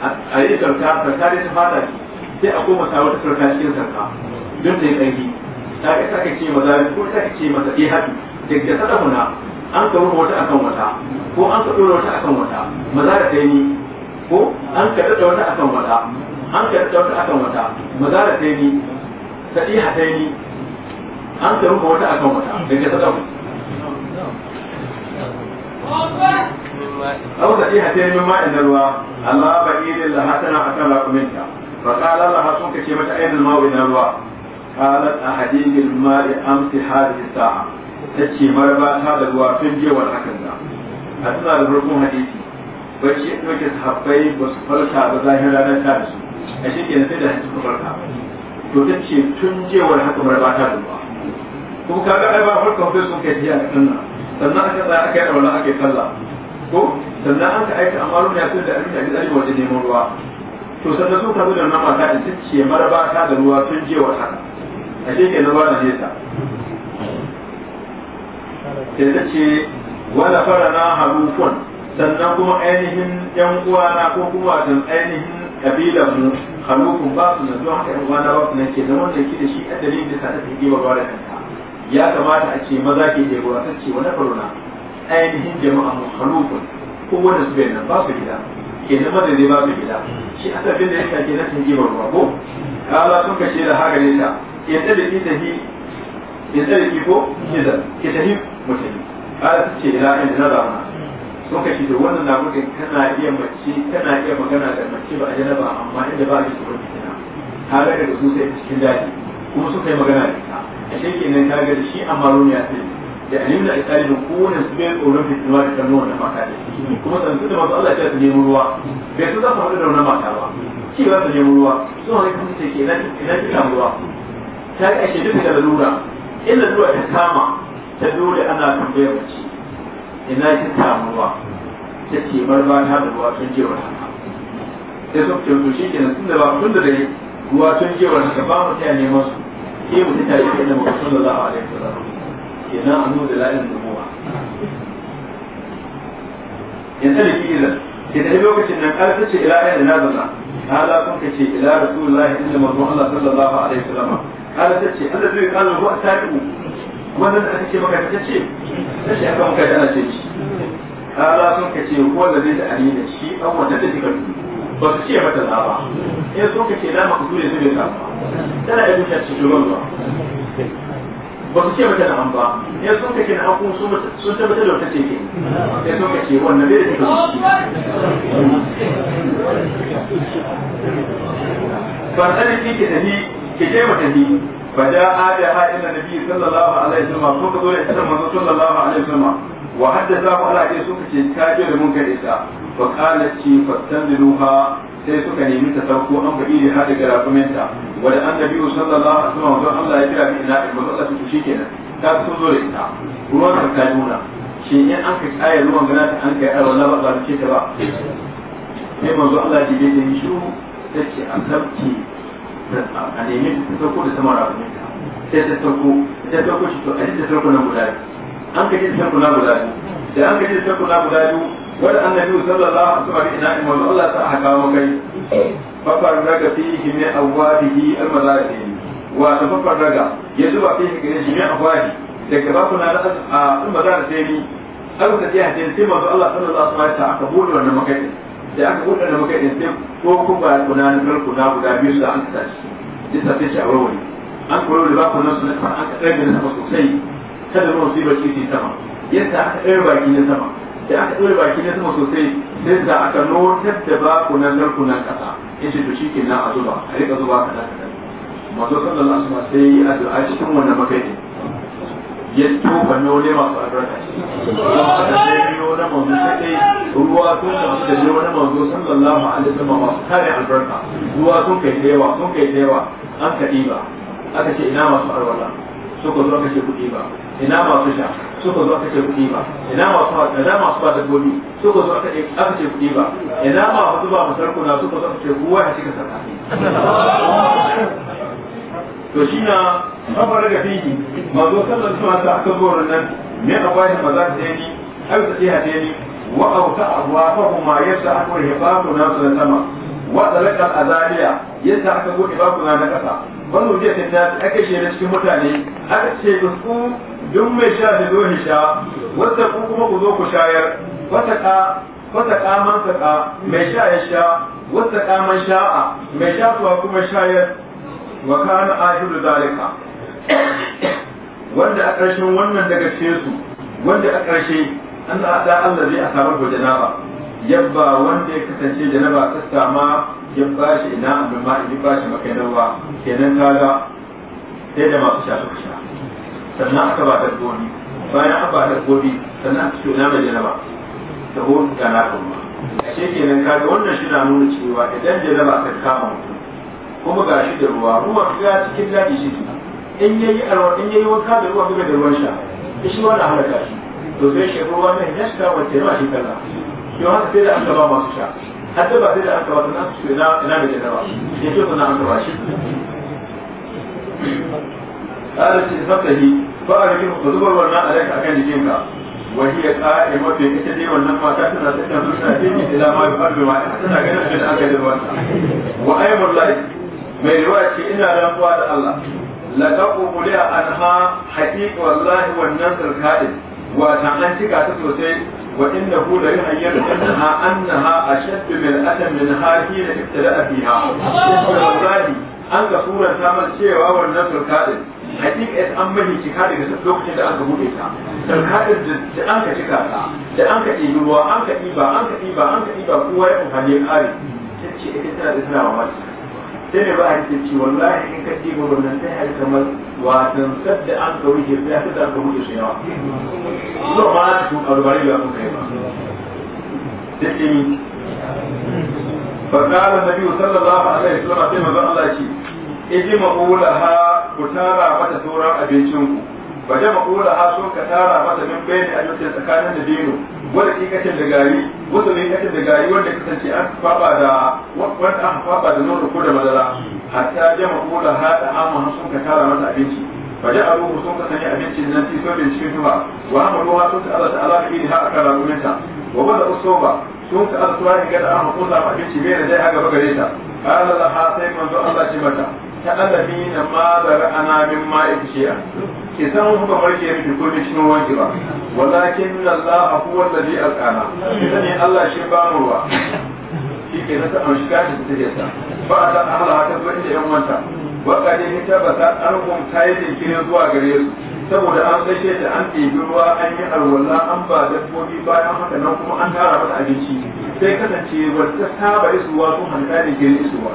a yi sarka sarka dai ta fata ce sai a koma sa wata sarka cikin sarka don ta yi ƙarfi ta ga aka ce mazaratu ko ta ce mata tafiya daga ta ɗahuna an ka rufe wata akan wata ko an ka ɗora wata akan wata mazarata ni ko an ka ɗaɗa wata akan wata an ka ɗaɗa wata akan wata mazarata ni tafiya ta ni an ka rufe wata akan wata da ke sadaku أو تأتيها من ماء النلوى الله بعيد لها تنا أكل منك فقال لها سنك كلمة أين الماء النلوى قالت أحدين الماء أمس هذه الساعة تشي مربى هذا الوافن جي والحكذا أثناء الركون حديثي wacce ya ɗauke sahabbai ba su farka ba zahir ranar ta da su a shi ke sai da hajji farka to ta ce tun jewar haka marba ta da ruwa ko ka ga ai ba farkon bai sun kai jiya din nan sannan aka tsaya aka yi aure aka yi sallah ko sannan an ka aika amaru ne sai da abin da gidan yawa da neman ruwa to sannan sun ka da nama ta in ce maraba ta da ruwa sun je wata a shi ke ruwa da nesa sai ta ce wala farana harufun sannan kuma ainihin yan uwana ko kuma wajen ainihin kabilan mu halukun ba su na zuwa haka yan uwana ba su nan ke zaman da ke da shi a dalilin da ta tafi ke ba ba da kanta ya kamata a ce maza ke da ruwa kan na wani barna ainihin jama'a mu ko wanda su bayyana ba su gida kenan maza zai ba su gida shi bin da ya shafi na tanji ba ruwa ko kala sun kashe da haka ne ta ya tsare ki tafi ya tsare ki ko nizar ki tafi mutane kala sun ce ila inda na zama sun kashe da wannan na mutum kana iya mace kana iya magana da mace ba a janaba amma inda ba su yi ta daga da su sai cikin daji kuma su kai magana da ita a shekin nan ta ga shi a maroni ya tsaye da alim da alƙalibin kowane su bai tsoron fitinuwa da kan wannan mata ne kuma san sanzu da masu Allah ya su nemi ruwa bai su za su haɗu da wannan mata ba ci ba su nemi ruwa sun wani kuma ce ke na fi kan ruwa ta yi ashe duk da lura in lalura ta kama ta dole ana tambayar mace ina ki samu ruwa ta ce marba ta da ruwa tun jewar haka sai sun ce to shi kenan tun da ba tun da dai ruwa tun jewar haka ba mu ta neman su ke mu ta shi da alaihi wasallam kenan nubuwa yanzu da ki lokacin nan ila kun ka ce ila rasulullahi inda manzon Allah sallallahu alaihi wasallam Allah zai kana ruwa wannan da ce aka ce ka ce ko da zai da shi an wata da kika ba su ce mata za ba in sun ka ce za maka dole zai sa tana da mutum ce dogon ba ba su ce mata na'am ba ka ce na'am kuma sun tabbatar da wata ce ke ka ce wannan bai da take ba sanin ki ke tafi ki je mata ni فجاء آدها إلى النبي صلى الله عليه وسلم فقد قال صلى الله عليه وسلم وحدثه على جسوك تاجر منكر إسلام fa qalat ci fattabiluha sai suka nemi ta sauko an ba iri hada ga rakuminta wanda annabi sallallahu alaihi wasallam don Allah ya kira bi ina ilmu Allah ta kushi kenan ta sun zo da ita ruwan ka ta nuna shi in an ka tsaya ruwan gana ta an kai arwa na ba za ce ba sai manzo Allah ya ji da shi ta ce a sabki a nemi ta sauko da sama rakuminta sai ta sauko ta sauko shi to a ji ta sauko na an ka sauko na an ka sauko na wani annabi sallallahu alaihi wasallam ina in manzo Allah ta haka mu kai fa farraga fihi awwadihi al wa ta fa farraga ya zuba fihi gare shi awwadi daga babu na al-malaki abu da ya hadin sai manzo Allah sallallahu alaihi wasallam ta aka bude wannan makai da aka bude wannan makai sai ko kuma kuna na kuna guda biyu da an tashi duk da a wani an kuro da babu nan sunan an ka da sosai kada mu musibar ci sama yadda aka tsaya baki na sama da aka ɗaure baki na sama sosai sai da aka notar da bakunan narkunan ƙasa in ce to shi nan a zuba a riƙa zuba kaɗan kaɗan mazo sallallahu ma sai yi addu'a cikin wannan makaɗi ya tofa nole masu albarka yi ruwa sun masu da nole mazo sallallahu alaihi wasallam masu kare albarka ruwa sun kai da yawa sun kai da an kaɗi ba aka ce ina masu albarka suka zo kashe kuɗi ba ina masu sha suka zo kashe kuɗi ba ina masu ina masu ba dabbobi suka zo aka aka ce kuɗi ba ina ma hudu ba masarkuna suka zo aka ce kowa ya cika sarka to shi na kafar ga fiji mazo sallar suna ta aka zo nan ne a bayan maza ta ni ai ta tsaya ta ni wa auta abwa fa huma yasa akwai hibatu na sallama wa talaqal azaliya yadda aka gode ba kuna na kasa wannan jiya ta tafi aka shi cikin mutane aka ce ku duk mai sha da zo sha wata ku kuma ku zo ku shayar wata ka wata man saka mai sha ya sha wata kaman sha'a mai sha kuwa kuma shayar wa kana ahiru zalika wanda a ƙarshen wannan daga cikin su wanda a ƙarshe an da Allah zai a samu hujjana ba yabba wanda ya kasance da na ba ta sama ya bashi ina abin ma ya bashi makainawa kenan kaga sai da masu sha suka sha sannan aka ba dabbobi bayan aka ba dabbobi sannan aka tona mai janaba da horo da na kuma ashe kenan kaga wannan shi na nuna cewa idan janaba ta kama mutum kuma ga shi da ruwa ruwa ya cikin daji shi in yayi alwa in yayi wanka da ruwa ga da ruwan sha shi wannan halaka shi to sai shi ruwa ne da shi ta wace ma shi yau haka sai da aka ba masu sha da aka ba su nan su ina ina mai jarawa ya ce suna an gaba shi ta ce fasahi ba a rikin ka zubar a kan jikin ka wani ya ƙa ya mafi ita dai wannan mata tana tsakiyar zuciya ta yi ila ma bi farbe ma tana ganin shi da aka yi wannan wa aibun lai mai riwaya ce ina rantsuwa da allah la ta ƙuƙuliya an ha haƙiƙa wallahi wannan sarkaɗin watan an cika ta sosai wa inna hu la yuhayyar annaha annaha ashadd min adam min hahi da ibtada'a fiha wallahi an ga suran ta man cewa wannan sulkadin hakika ita an mahi cika daga lokacin da aka buɗe ta sulkadin da an ka cika da an ka ɗibi ruwa an ka ɗiba an ka ɗiba an ka ɗiba kowa ya amfani ya tana da tana sai da ba a ce ci wallahi in ka ɗiba wannan sai har kamar watan sadda an ka wuce sai ta da an ka su yawa zuwa ma na su albari ba kun kai ba da ke mi fakara nabi sallallahu alaihi wasallam sai manzon Allah ce ijma'u laha ku tara mata sauran abincin ku Baje jama kula ha sun ka tara masa min a ajiyar tsakanin da dino wanda ke kacin da gari wanda ne kacin da gari wanda kasance an faba da wanda an faɓa da nono ko da madara hatta jama kula ha da amma sun ka tara masa abinci Baje ja abu sun ka sanya abincin nan ci sobin cikin tuba wa amma ruwa sun ka Allah ta'ala ne ha aka rabuminta wa da usoba sun ka Allah ta'ala ga da amma kun kula abinci bai da zai haga ba gare ta qala laha sai manzo Allah ce mata ta allafi na ma ra'ana min ma'i shi'a isan kuka warke ya fi da cikin wanki ba walakin da afu wallazi ita ne Allah shi ba mu ba shi ke nasa an shiga ta ke sa ba a ta Allah ta bar inda yan wanta wa kade ta bata an gun tayi da zuwa gare su saboda an sake da an ɗebi ruwa an yi alwala an ba dabbobi bayan haka nan kuma an tara da abinci sai kasance ba ta saba isuwa sun hanta da kire isuwa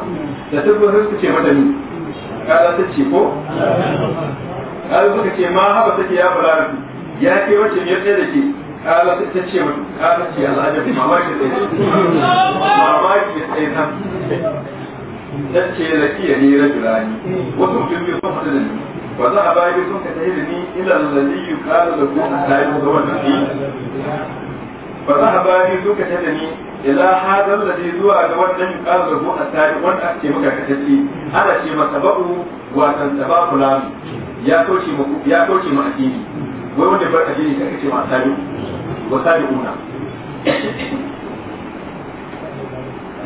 da tabbatar su ce mata ni ta ce ko kalu suka ce ma haba take ya balaga ya ke wace ne sai da ke kala ta ce mata kala ce al'ajabi mamaki da mamaki sai ta ta ce lafiya ne rajulani wasu mutum bai sun faɗi da ni wa za a bayi sun ka tafi da ni ila lalli ta lahu da wannan ni fa zahaba ni suka tada ni ila hadal ladhi zuwa ga wannan yuqalu lahu asari wanda ake maka katacci ana ce masa babu wa san sababu lam ya ya kauce mu addini wai wanda bar addini ka kace ma asari wa sari una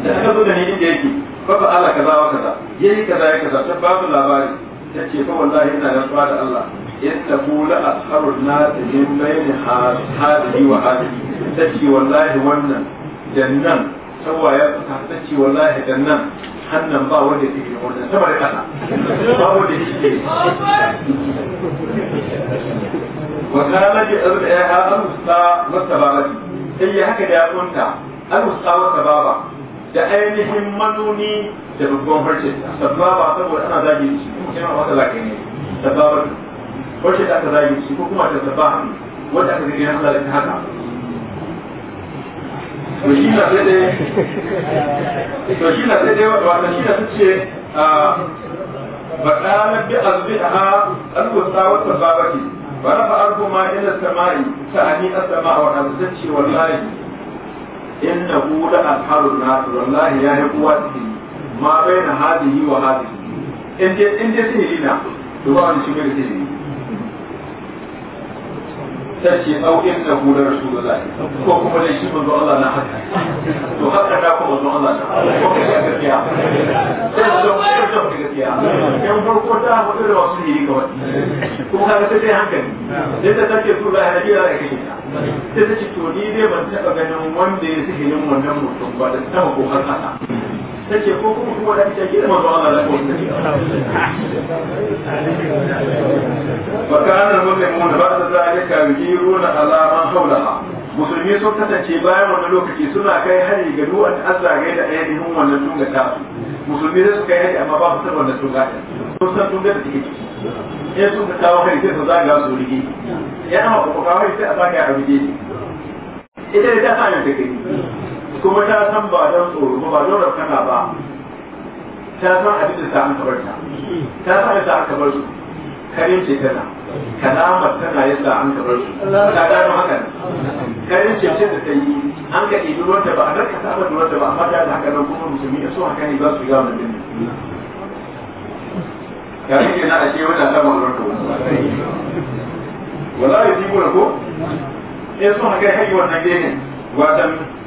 da aka zo da ni inda yake fa fa Allah kaza wa kaza yayi kaza ya kaza ta babu labari tace fa wallahi ina rantsuwa da Allah yadda kula asharun nasu min bayni hadiri wa hadiri ta wannan jannan sawa ya fita ta ce wallahi jannan hannan ba wanda ke yi wannan sama da kasa ba wanda ke yi wa kana ji sai haka da ya kunta da ainihin manoni da babban harshe sababa saboda ana zagi shi kuma kana wata lakai ne sababa wacce da aka zage shi ko kuma ta ba wacce aka zage yana zalunta haka to shi na sai dai wata shi na suce a bakana bi arzi a alwar tsawatar babaki bana ba arzo ma ina samari ta ani asama wa kan sace wallahi inna hu la alharun nas wallahi ya hi kuwati ma baina hadihi wa hadihi in dai in dai sai ni na to ba wani shi ga sai ni tace au in da hular rasulullah ko kuma da shi manzo Allah na haka to haka da kuma manzo Allah na ko kuma da gaskiya sai da zo ka ta gaskiya in farko ta hudu da wasu ne kawai kuma ka ta dai hankali sai ta tace su da hadiya da kai sai ta ce to ni dai ban taba ganin wanda ya sihirin wannan mutum ba da ta ko har kasa ce ko kuma kuma da take da manzo Allah da ba take wa kana al-muslimuna ba'da zalika yujiruna ala man hawlaha musulmi sun kasance bayan wannan lokaci suna kai hari ga duwan Allah ga da ayyukan wannan tunga ta musulmi da kai yi amma ba su san wannan tunga ta sun san tunga da take ciki in sun ka kawo hari sai su zaga su rige ya ma ko kawo sai a zaga a rige ita da ta hanyar take kuma ta san ba don tsoro ba don rafkana ba ta san abin da samun kabar ta ta san yadda an kabar su karin ce tana kalamar tana yadda an kabar su ta gano haka karin ce ce da ta yi an ka ɗibi wanda ba a nan ka saba da wanda ba amma ta da haka nan kuma musulmi a so haka ne ba su gama da dinne ya rike na ake wata ta mallon ka wala ya fi ko in eh, sun haka yi wannan gene watan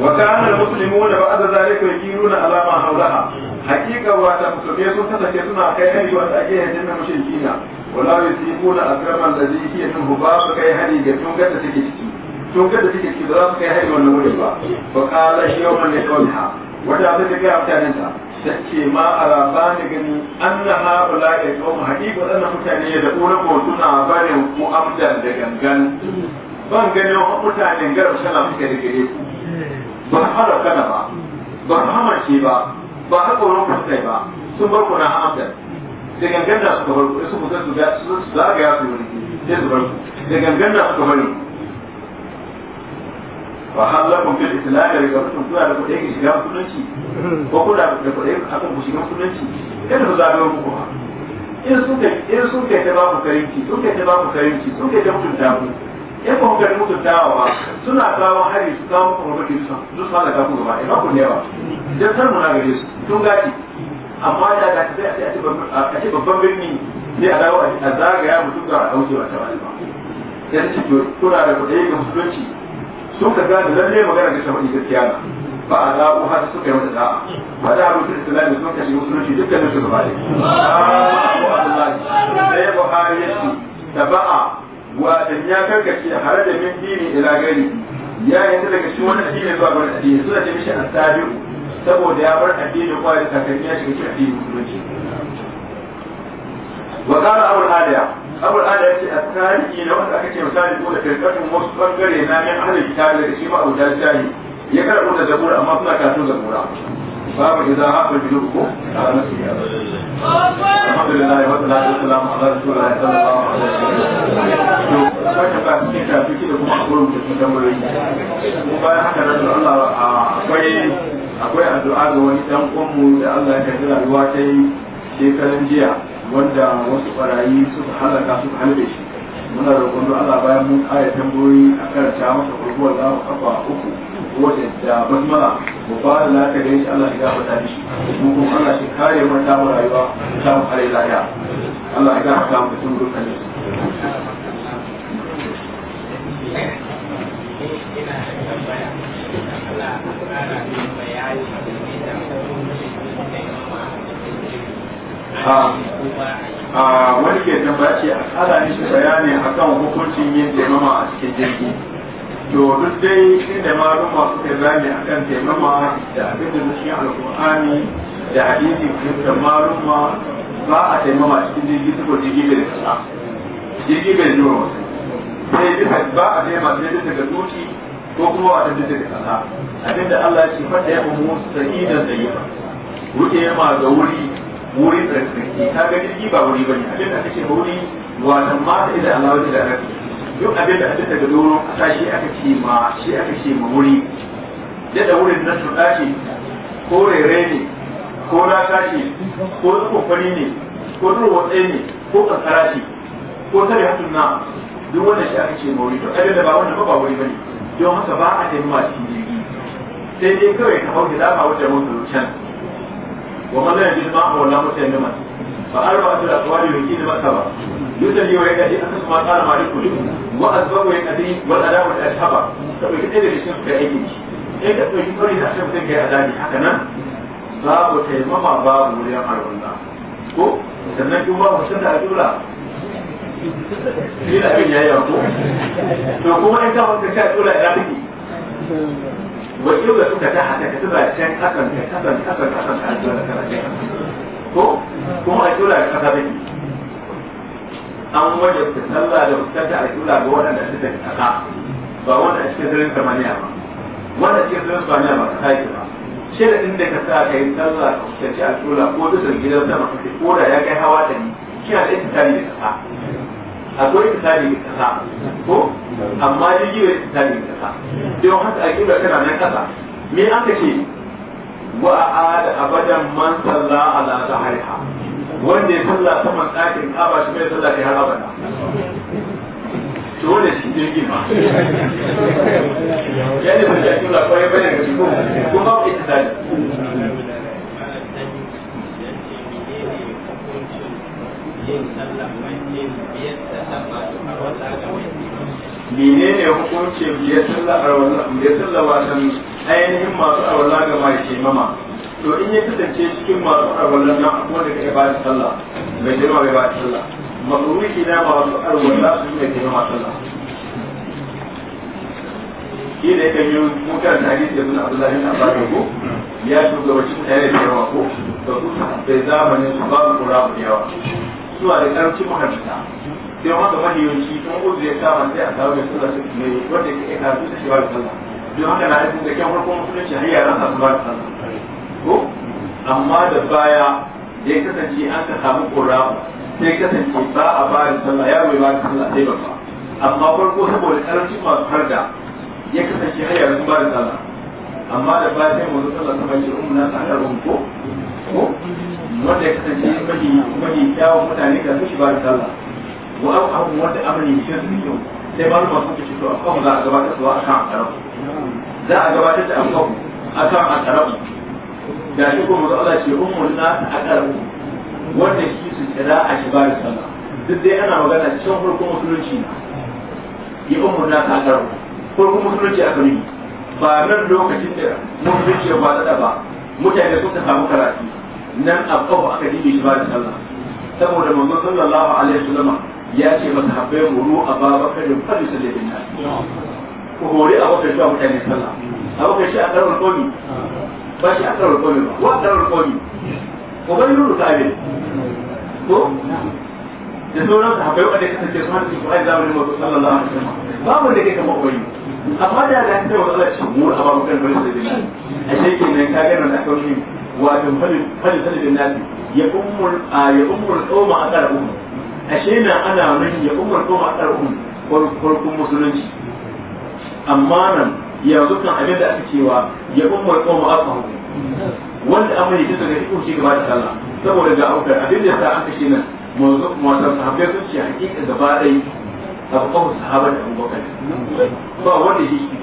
wa kana al-muslimuna ba'da zalika yakiruna ala ma hawlaha haqiqa wa ta musulmai sun kasance suna kai hari wa ake hadin na mushrikina wala yusibuna akrama alladhi hiya minhu ba su kai hari ga tungar da take ciki su kai hari wannan wuri ba fa qala yawman liqawliha wata ta ta ma gani an na haƙiƙa mutane da ƙorafa suna barin ku da gangan ban gani wa mutane garin sana suke da gare ku ba halar kana ba ba hamarce ba ba haƙorin kusai ba sun bar ku na hamdan da gangan da suka bar ku su kusa su zagaya su wuri sai su bar da gangan da suka bari wa halakun fil islam da mutum kuna da kuɗe shiga kudanci ko kuna da kuɗe akan ku shiga kudanci kada ku zagayo muku ba in suka in suka ta ba ku karinci suka ta ba ku karinci suka ta mutunta ku in ba hukar mutuntawa ba suna kawo hari su kawo muku mamaki su su su halaka ku gaba ina ku ne ba dan san muna gare su tun gaci amma da ga ta sai a ce babban birni ne a dawo a zagaya mutum ga a wuce ta ba yan ce to kuna da kuɗi ga musulunci sun ka gane lalle magana ga shafa'i gaskiya na ba a zaɓo har suka yi mata da'a ba da abin kirista sun kashe musulunci dukkanin su gaba ne. Allah ya Buhari ya ce da ba'a wa ya karkace har da min dini ila gari ya yanzu daga shi wani addini zuwa wani addini suna ce mishi asabi saboda ya bar addini kuma da kakanni ya shiga cikin addini musulunci wa kara abu al abu al-aliya ce asabi na wanda aka ce misali ko da karkashin wasu bangare na min ahlul kitab da shi ma abu dajahi ya karbu da zabura amma suna kasu zabura babu idza haqa bilukum ala nafsihi alhamdulillah wa salatu wassalamu ala rasulillah sallallahu alaihi wasallam to saka ka cikin da kuma tambayoyi Allah akwai akwai addu'a ga wani dan ummu da Allah ya karbi rayuwa ta yi shekaran jiya wanda wasu barayi suka halaka suka halbe shi muna roƙon Allah bayan mun ƙara tambayoyi a karanta masa kurkuwar za mu kafa uku wadda basmala mu fara laka gani Allah ya gafarta mishi mu kuma Allah shi kare mu ta rayuwa ta mu kare lafiya Allah ya gafarta mu cikin dukkan a wani ke tambaya ce a tsada mishi bayani akan hukuncin yin taimama a cikin jirgi domin duk dai shi da malum masu kai a kan taimama da abin da nushin alkur'ani da hadisi da malum ba a taimama cikin jirgi ko jirgi bai kasa jirgin bai yi wa sai bisa ba a taimama sai bisa daga zuci ko kuma ba ta daga ga kasa abinda Allah ya ce fata ya umu sa'idan da ba. wuce ma ga wuri wuri tsarki ta ga jirgi ba wuri bane abinda kake wuri wa ma da idan Allah ya da rafi duk abin da aka daga doro a tashi aka ce ma shi aka ce ma wuri da da wurin na turɗaci ko rere ne ko na ce ko tsofani ne ko turwatse ne ko kankara ce ko tare hatun na duk wannan shi aka ce ma wuri duk abin da ba wanda ba ba wuri bane don haka ba a taimawa cikin jirgi sai dai kawai ka hau da dama wajen mutu can wa mazan jirma a wannan mutane masu فأربعة الأقوال يمكن مكتبة يسلي ويكدي أساس ما قال مالك وأسباب ويكدي والأداء والأشهب طب يكتب الشيخ كأيدي إيه كتب يكتب لي أشهب تلك أداني حكنا باب تيمم باب وليان على الله ko sannan kuma wasan da ajula shi da abin ya yi ko to kuma in ka wanda ka ajula ina take wajen da suka ta haka ka tuba can kasan kasan kasan kasan ka ajula kana kai ko kuma a kula da kasa take an wajabta sallah da fuskanta ta kula ga waɗanda suka ci kasa ba wanda a cikin sirrin samaniya ba wanda cikin sirrin samaniya ba kasa yake ba shirin da ka sa ka yi sallah ka fuskanci a kula ko dusar gidan sama kake ko da ya kai hawa da ni shi kina da ittisali da kasa akwai ittisali da kasa ko amma jirgi da ittisali da kasa don haka a kula tana nan kasa me aka ce wa a abadan man salla ala zahriha wanda ya salla saman ɗakin kaba shi mai salla kai har abada to da shi ne gima ya ne da jaki la kwaye bane ga ko ko ba ku ita dai menene hukuncin biyar sallah a wannan biyar sallah wasan ainihin masu arwala ga mai ke mama to in ya kasance cikin masu arwala na akwai da kai bayan sallah mai girma bai bayan sallah masarufi na masu arwala su ne ke mama sallah shi da yakan yi mutar da hadisi da suna abdullahi na abadu ko ya ga wacce ta yi da yawa ko da su bai zamani su ba su kura da yawa zuwa da karancin mahaifta sai wanda mahiyoci tun ko zai kama sai a samun mai sallah su ne wanda ke iya su da shi ba da sallah biyan haka na haifin da kyan farko musulunci har yaran a su ba su ko amma da baya da ya kasance an ka samu ƙoramu sai kasance ba a ba da sallah ya bai ba da sallah sai ba amma farko saboda karancin masu harda ya kasance hanyar yaran su ba da sallah amma da baya sai mu sallah ta bace ummu na ta ko ko wanda ya kasance mafi mafi kyawun mutane ga su shi ba da sallah wa abu wanda amani shi su yi sai ba su masu kici to akwai za a gabatar da akan akarabu za a gabatar da akwai akan akarabu da shi kuma zuwa Allah ce ummul na akarabu wanda shi su kira a shi ba sallah duk dai ana magana cikin farkon musulunci na yi ummul na akarabu farkon musulunci a nuni ba nan lokacin da musulunci ya da ba mutane suka samu karatu nan abu aka dibe shi ba da sallah saboda manzon sallallahu alaihi wasallam ya ce masa habbai muru a ba bakar da fari sallai bin nan ku hori a bakar shi a mutane sallah a bakar shi a karar komi ba shi a karar komi ba wa karar komi ko bari nuru ta abin ko da sauran su habbai wanda kasance su hannu su ai zamanin mazu sallallahu alaihi wasallam babu da ke kama koyi amma da da ta wala shi mu a ba bakar fari sallai bin nan a shekin nan ka gano da aka wuce wato fari sallai bin nan ya ummul ya ummul tsoma a kara ummul ashe na ana nufi ya umar ko haɗar um farkon musulunci amma nan yanzu kan abin da aka cewa ya umar ko ma'afa wanda amma yake daga cikin shi gaba da sallah saboda ga aukar abin da sa aka ce nan manzo masu sahabbai sun ce hakika gaba ɗaya abu sahaba da abubakar ba wanda shi shi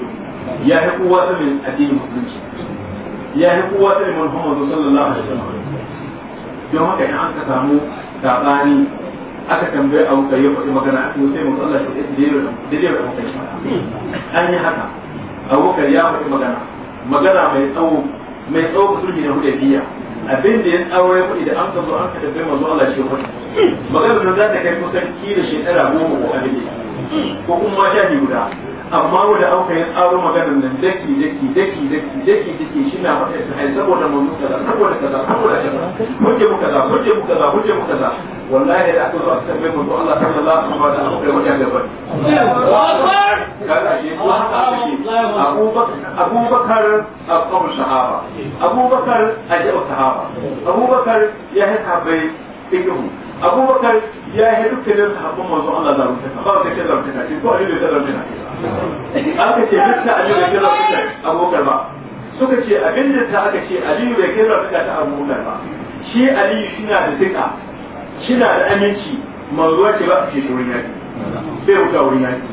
ya yi kowa sanin addinin musulunci ya yi kowa sanin muhammadu sallallahu alaihi wasallam don haka in an ka samu sabani aka tambaye a wukar ya faɗi magana a kuma sai mu Allah shi daidai da wukar an yi haka a wukar ya faɗi magana magana mai tsawo mai tsawo musulmi na hudu biya abin da ya tsawo ya faɗi da an ka zo an ka tambaye manzo Allah shi ya faɗi magana da za ta kai kusan kila shekara goma ko abin ko kuma sha guda amma wanda an kai tsaro maganar nan daki daki daki daki daki daki shi na faɗa sai saboda mun kaza saboda kaza saboda kaza muke muka kaza muke muka kaza muke muka kaza wallahi da aka zo aka tambaye mu Allah sallallahu alaihi wasallam aka kai wajen gaban kaga shi ko Abubakar Abubakar sahaba Abubakar ajabu sahaba Abubakar ya yi sahabbai ikihu Abubakar ya yi dukkanin sahabban manzo Allah da rubuta ba ka ce rubuta ce ko Aliyu da rubuta ce aka ce dukkan Aliyu da rubuta Abubakar ba suka ce abinda ta aka ce Aliyu bai kai rubuta ta Abubakar ba shi Aliyu shi da duka shina da aminci mazuwa ce ba a ce wurin yaki sai wuta wurin yaki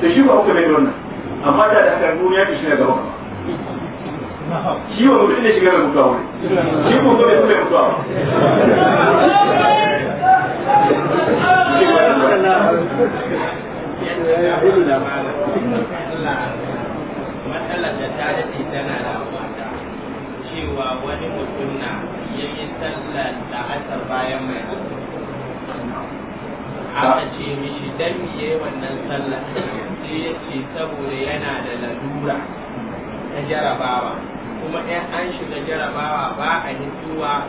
da shi ba kuka mai wannan amma da da haka wurin yaki shine gaba shi wa mutum ne shiga da mutuwa wuri shi ko kuma mai mutuwa matsalar da ta dace tana da cewa wani mutum na ya yi sallar da asar bayan mai aka ce mishi dan miye wannan sallar sai ya ce saboda yana da lalura ta jarabawa kuma in an shiga jarabawa ba a nutsuwa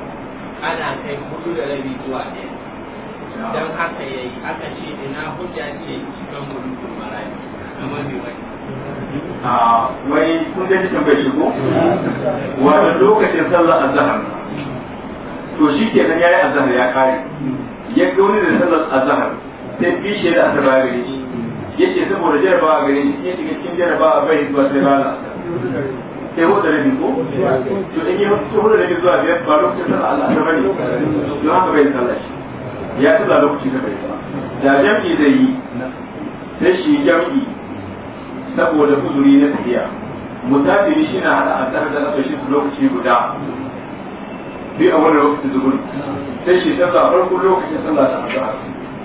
ana kai hudu da rabi zuwa ɗaya don haka ya yi aka ce ina hujja ce cikin mulkin marayu na bai wani wai kun da cikin bai shigo wani lokacin sallar to shi ke nan yayi ya kare ya ga wani da sallar sai da asar gare shi saboda jarabawa gare shi cikin jarabawa bai zuwa sai sai hudu ko to in yi hudu zuwa biyar ba lokacin sallar don haka bai sallar shi ya tuba da bai da jam'i zai yi sai shi jam'i saboda uzuri na tafiya musafiri shi na hada azhar da asar shi lokaci guda bi a wannan lokacin zuhur sai shi sallah farko lokacin sallah ta azhar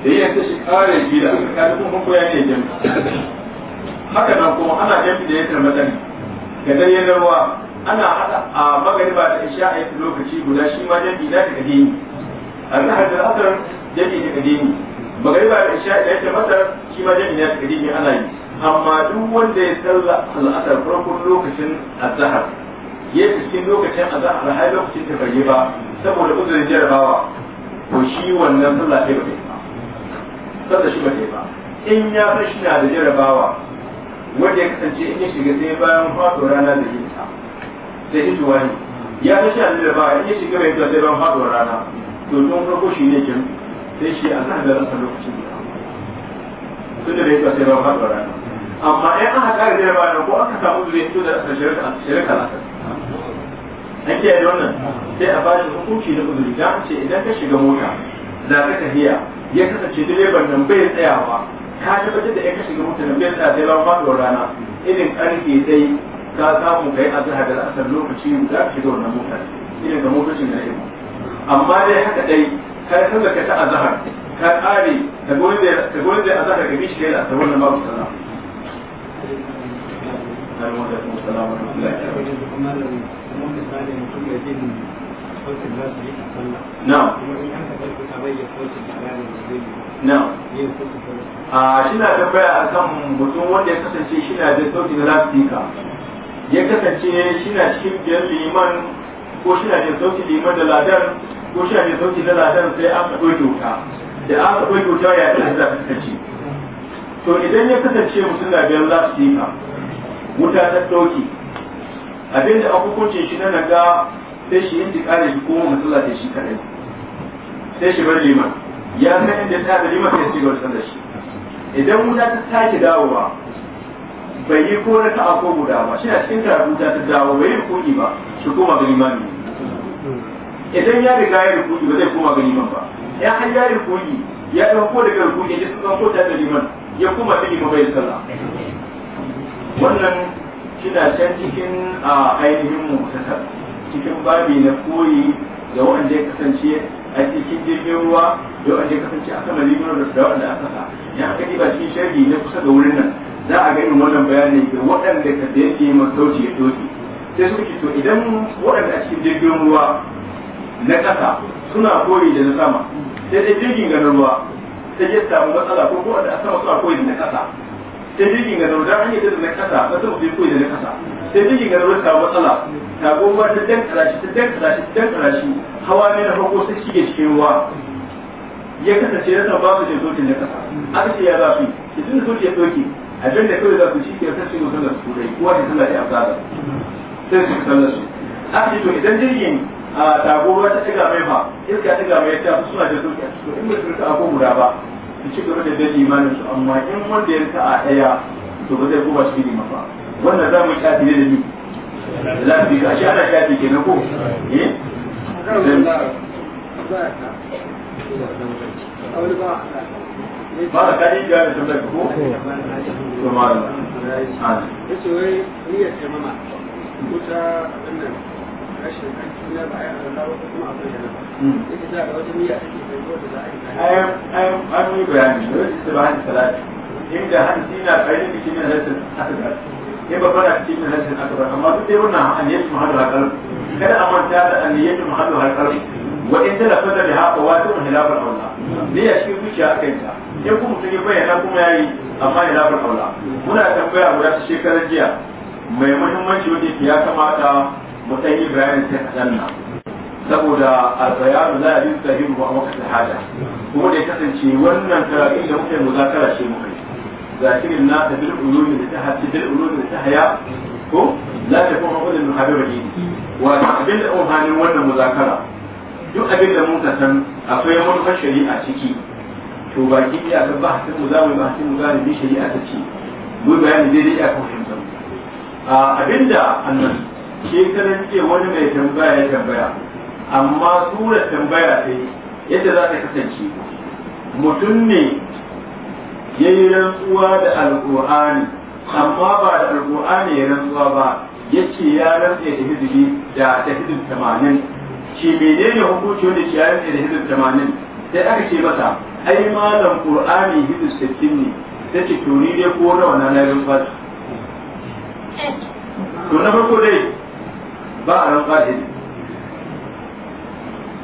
da yin ta shi kare shi da aka kada kuma ko ya ne jami'i haka nan kuma ana jami'i da ya tarmata ne ga dare ruwa ana hada a magariba da isha a yi lokaci guda shi ma jami'i na da kadini azhar da asar jami'i da kadini magariba da isha da ya tarmata shi ma jami'i na da kadini ana yi amma duk wanda ya tsalla al'adar farkon lokacin azahar ya cikin lokacin azahar har lokacin ta bai ba saboda uzurin jarabawa ko shi wannan sallah sai ba ba sallah shi ba ba in ya fi shi na da jarabawa wanda ya kasance in ya shiga sai bayan faɗo rana da yin ta sai shi ne ya fi shi na da jarabawa in ya shiga bai ta sai bayan faɗo rana to don farko shi ne kin sai shi azahar da rasa lokacin da su da bai ta sai bayan faɗo rana amma in aka kare da yaba ko aka samu zuri to da shirka shirka la an ke da wannan sai a bashi hukunci na uzuri dan ce idan ka shiga mota za ka tafiya ya kasance direban nan bai tsayawa ka tabbatar da in ka shiga mota nan bai tsaya sai ba ma rana irin karfe sai ka samu kai a zaha da asar lokaci da ka shiga wannan mota irin ga motocin da yake amma dai haka dai ka ka ta azhar ka kare ka gode gode azhar ka bi shi da asar wannan babu sana'a alaikum salam wa a kan na'am da a mutum wanda ya kasance shina jin sautin da ya kasance na cikin biyar liman ko na jin sautin liman da ladan ko na jin sautin da ladan sai an ka ɗauki da an ka ɗauki ya kasance to idan ya kasance mutum na biyar lafika mutanen doki abinda da hukunce shi na naga sai shi yanzu kare shi kuma matsala da shi kare sai shi bar liman ya san inda ta da liman sai shi bar san da shi idan wuta ta take dawowa bai yi ko raka a ko guda ba shi a cikin karatu ta dawo bai yi rukuni ba shi kuma ga limami idan ya riga ya rukuni ba zai koma ga liman ba ya har ya rukuni ya ko daga rukuni ya sun ko ta da liman ya kuma ta liman bai sallah wannan kina can cikin a ainihin mutasar cikin babi na koyi da wanda ya kasance a cikin jirgin ruwa da wanda ya kasance a sama limonar da wanda aka sa ya aka ba cikin sharhi na kusa da wurin nan za a gani wannan bayani da waɗanda ka da yake masauci ya doke sai su to idan waɗanda a cikin jirgin ruwa na ƙasa suna koyi da na sama sai dai jirgin ganin ruwa sai ya samu matsala ko waɗanda a sama suna koyi da na ƙasa sai jirgin ga zaune an yi da na kasa ba ta mafi koyi da na kasa sai jirgin ga zaune samu matsala ta goma ta dankara shi ta dankara shi ta dankara shi hawa ne na farko sai shige cikin ruwa ya kasance ya san ba su ce zotin na kasa aka ce ya za su yi tun da ya ɗauke a jan da kawai za su shi ke kasance mutum da su turai kowa ta sallah ya afgada sai su sallah su aka ce to idan jirgin a tagoruwa ta ɗiga mai fa iska ta ɗiga mai ta suna da zotin a cikin in ba su rika abubuwa ba su ci gaba da bin imanin su amma in wanda ya sa'a daya to ba zai koma cikin ba wannan za mu shafi ne da ni lafi ga shi ana shafi ke na ko eh ba yi ga da ko ko an yi da wani su ba amma duk kada a manta da an yi su wa in haka ya cikin kuma yi bayyana kuma ya yi amma muna tambaya guda shekarar jiya mai muhimmanci wanda ya kamata mutan ibrahim sai kadanna saboda albayanu la yin tahiru wa maka hada kuma da kasance wannan karatu da muke muzakara ce muka zakirin na ta bil ulumi da ta haya ko kuma wannan muzakara duk abin da mun san akwai fashari a ciki to baki iya ka ba mu zamu ba mu zamu bi shari'a ta ce mu bayani daidai a kan fahimta abinda annabi shekaran ce wani mai tambaya ya tambaya amma tura tambaya sai yadda za ta kasance mutum ne ya yi rantsuwa da alƙur'ani amma ba da alƙur'ani ya rantsuwa ba ya ce ya rantsa da hizbi da ta hizb tamanin shi menene hukunci wanda shi ya rantsa da hizb tamanin sai aka ce masa ai malam qur'ani hidu sittin ne ta ce to ni dai ko rawa na na rantsuwa to na farko dai ba a rantsuwa da izini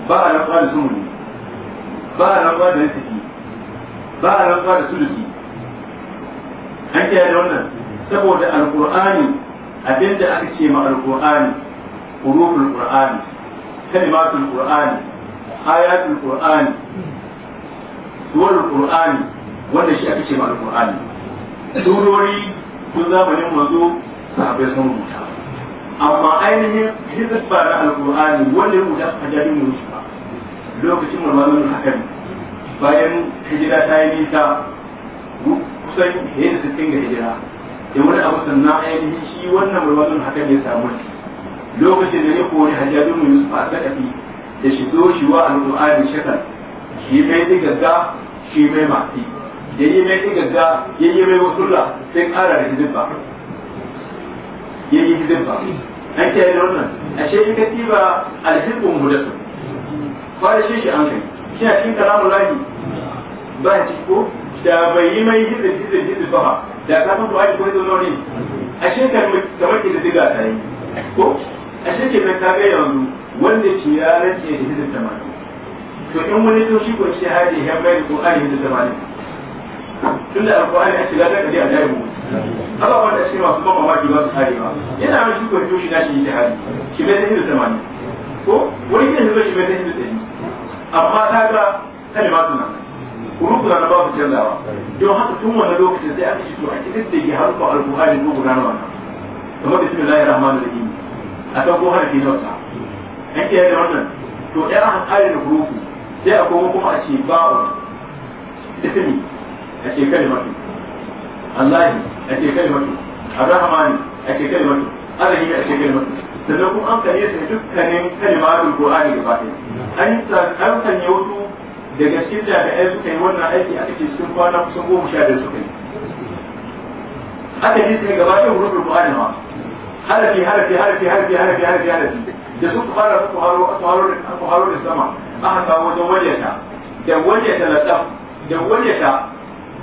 ba a rantsuwa da sumuni ba a rantsuwa da risiki ba a rantsuwa da suluki an kiyaye da wannan saboda alqur'ani abinda aka ce ma Alƙur'ani huruful ƙur'ani kalimatul ƙur'ani ayatul ƙur'ani suwarul qur'ani wanda shi aka ce ma alqur'ani surori tun zamanin manzo sahabbai sun rubuta amma ainihin hizb ba na alqur'ani wanda ya rubuta a jami'in mu ba lokacin mulmamin haka ne bayan hijira ta yi nisa kusan hiyar da sittin ga hijira da wani abu sannan ainihin shi wannan mulmamin haka ne samu lokacin da ya kori hajjabin mu yusuf a sakafi da shi zo shi wa alqur'ani shakar shi mai digagga shi mai mafi da yi mai digagga yayi mai wasulla sai ƙara da hizb ba yayi hizb an a wannan ashe in ka mu alhibbu muhdathu shi an kai cikin kalamun lahi ba ci ko da bai yi mai hizir hizir hizir ba da ka san ba ko zo nori kamar da diga ta yi ko ke ta ga yanzu wanda ci ya to in wani to shi ko shi hadi ya mai ko ari hizir tun da alƙur'ani a shiga ta kaje a jayi mu Allah wanda shi masu ban mamaki ba su kare ba yana mai shukar joshi na shi yi jihari shi bai zai da mani ko wani gidan shi shi bai zai da tsari amma ta ga kalimatu nan kurukuna na babu canzawa don haka tun wani lokacin sai aka shigo a kitin da ke harfa alƙur'ani ko gudanar wannan kamar bismillahir rahmanir rahim a kan ko harfi na wata an kiyaye da wannan to ya an kare da kuruku sai a kuma kuma a ce ba'u ismi ake kalimatu Allah ake kalimatu Ar-Rahman ake kalimatu Ar-Rahim ake kalimatu sannan kuma an kare su dukkanin kalimatul Qur'ani gaba ɗaya an sanya wasu daga cikin jami'ai suka yi wannan aiki a cikin sun kwana kusan goma sha biyar suka yi aka yi sai gaba ɗaya hurufin Qur'ani ma harafi harafi harafi harafi harafi harafi harafi da su fara su haro da sama aka kawo wajen wajenta da wajenta na da wajenta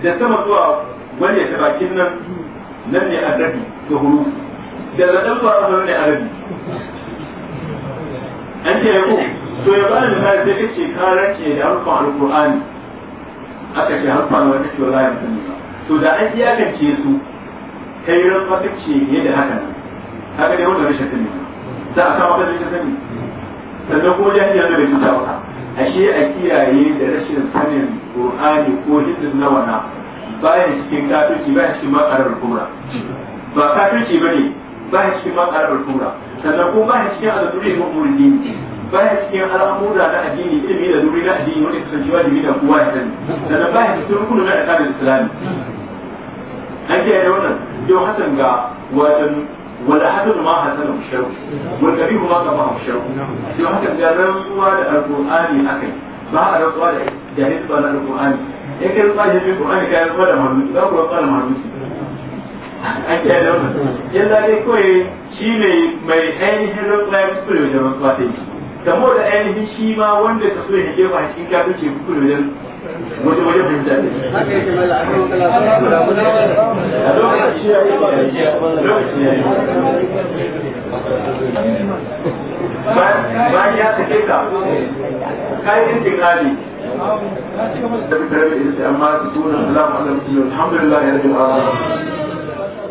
da sama zuwa wani ya bakin nan nan ne arabi da huru da zaɗan zuwa nan ne arabi an ce ko oh, to ya ba ni misali sai kace ka ce da harfan alqur'ani aka ce harfan wata ce wallahi ban sani ba to da an iyakance su kai ran wata ce ne da haka nan haka dai wannan rashin sani za a kama kan rashin sani sannan kuma jahiliya na bai cuta ba ashe a kiyaye da rashin sanin qur'ani ko hizbin na wana bayan cikin kafirci bayan cikin makarar kumra ba kafirci bane bayan cikin makarar kumra sannan ko bayan cikin al'aduri ko dini bayan cikin al'amura na addini ilimi da zuri na addini wani kusan cewa da kowa ya sani sannan bayan cikin rukunu na alƙalin islami an ce da wannan yau hasan ga wajen wala hadu ma hasan musharu wal kabiru ma kama musharu yau hasan ga rantsuwa da alqur'ani akai ba a rantsuwa da jahil rantsuwa na alƙur'ani in ka rantsuwa da alƙur'ani ka rantsuwa da maluki za ku rantsuwa da maluki an kiyaye da wannan yadda dai kawai shi ne mai ainihin da ya kuskure wajen rantsuwa ta yi kamar da ainihin shi ma wanda ka so ya jefa cikin kafin ce kuskure wajen waje waje fahimta ne a lokaci yi bayan ya sake ka kayan tikali da fitar da amma su tunan Allah ma'alamci alhamdulillah ya rabin alamin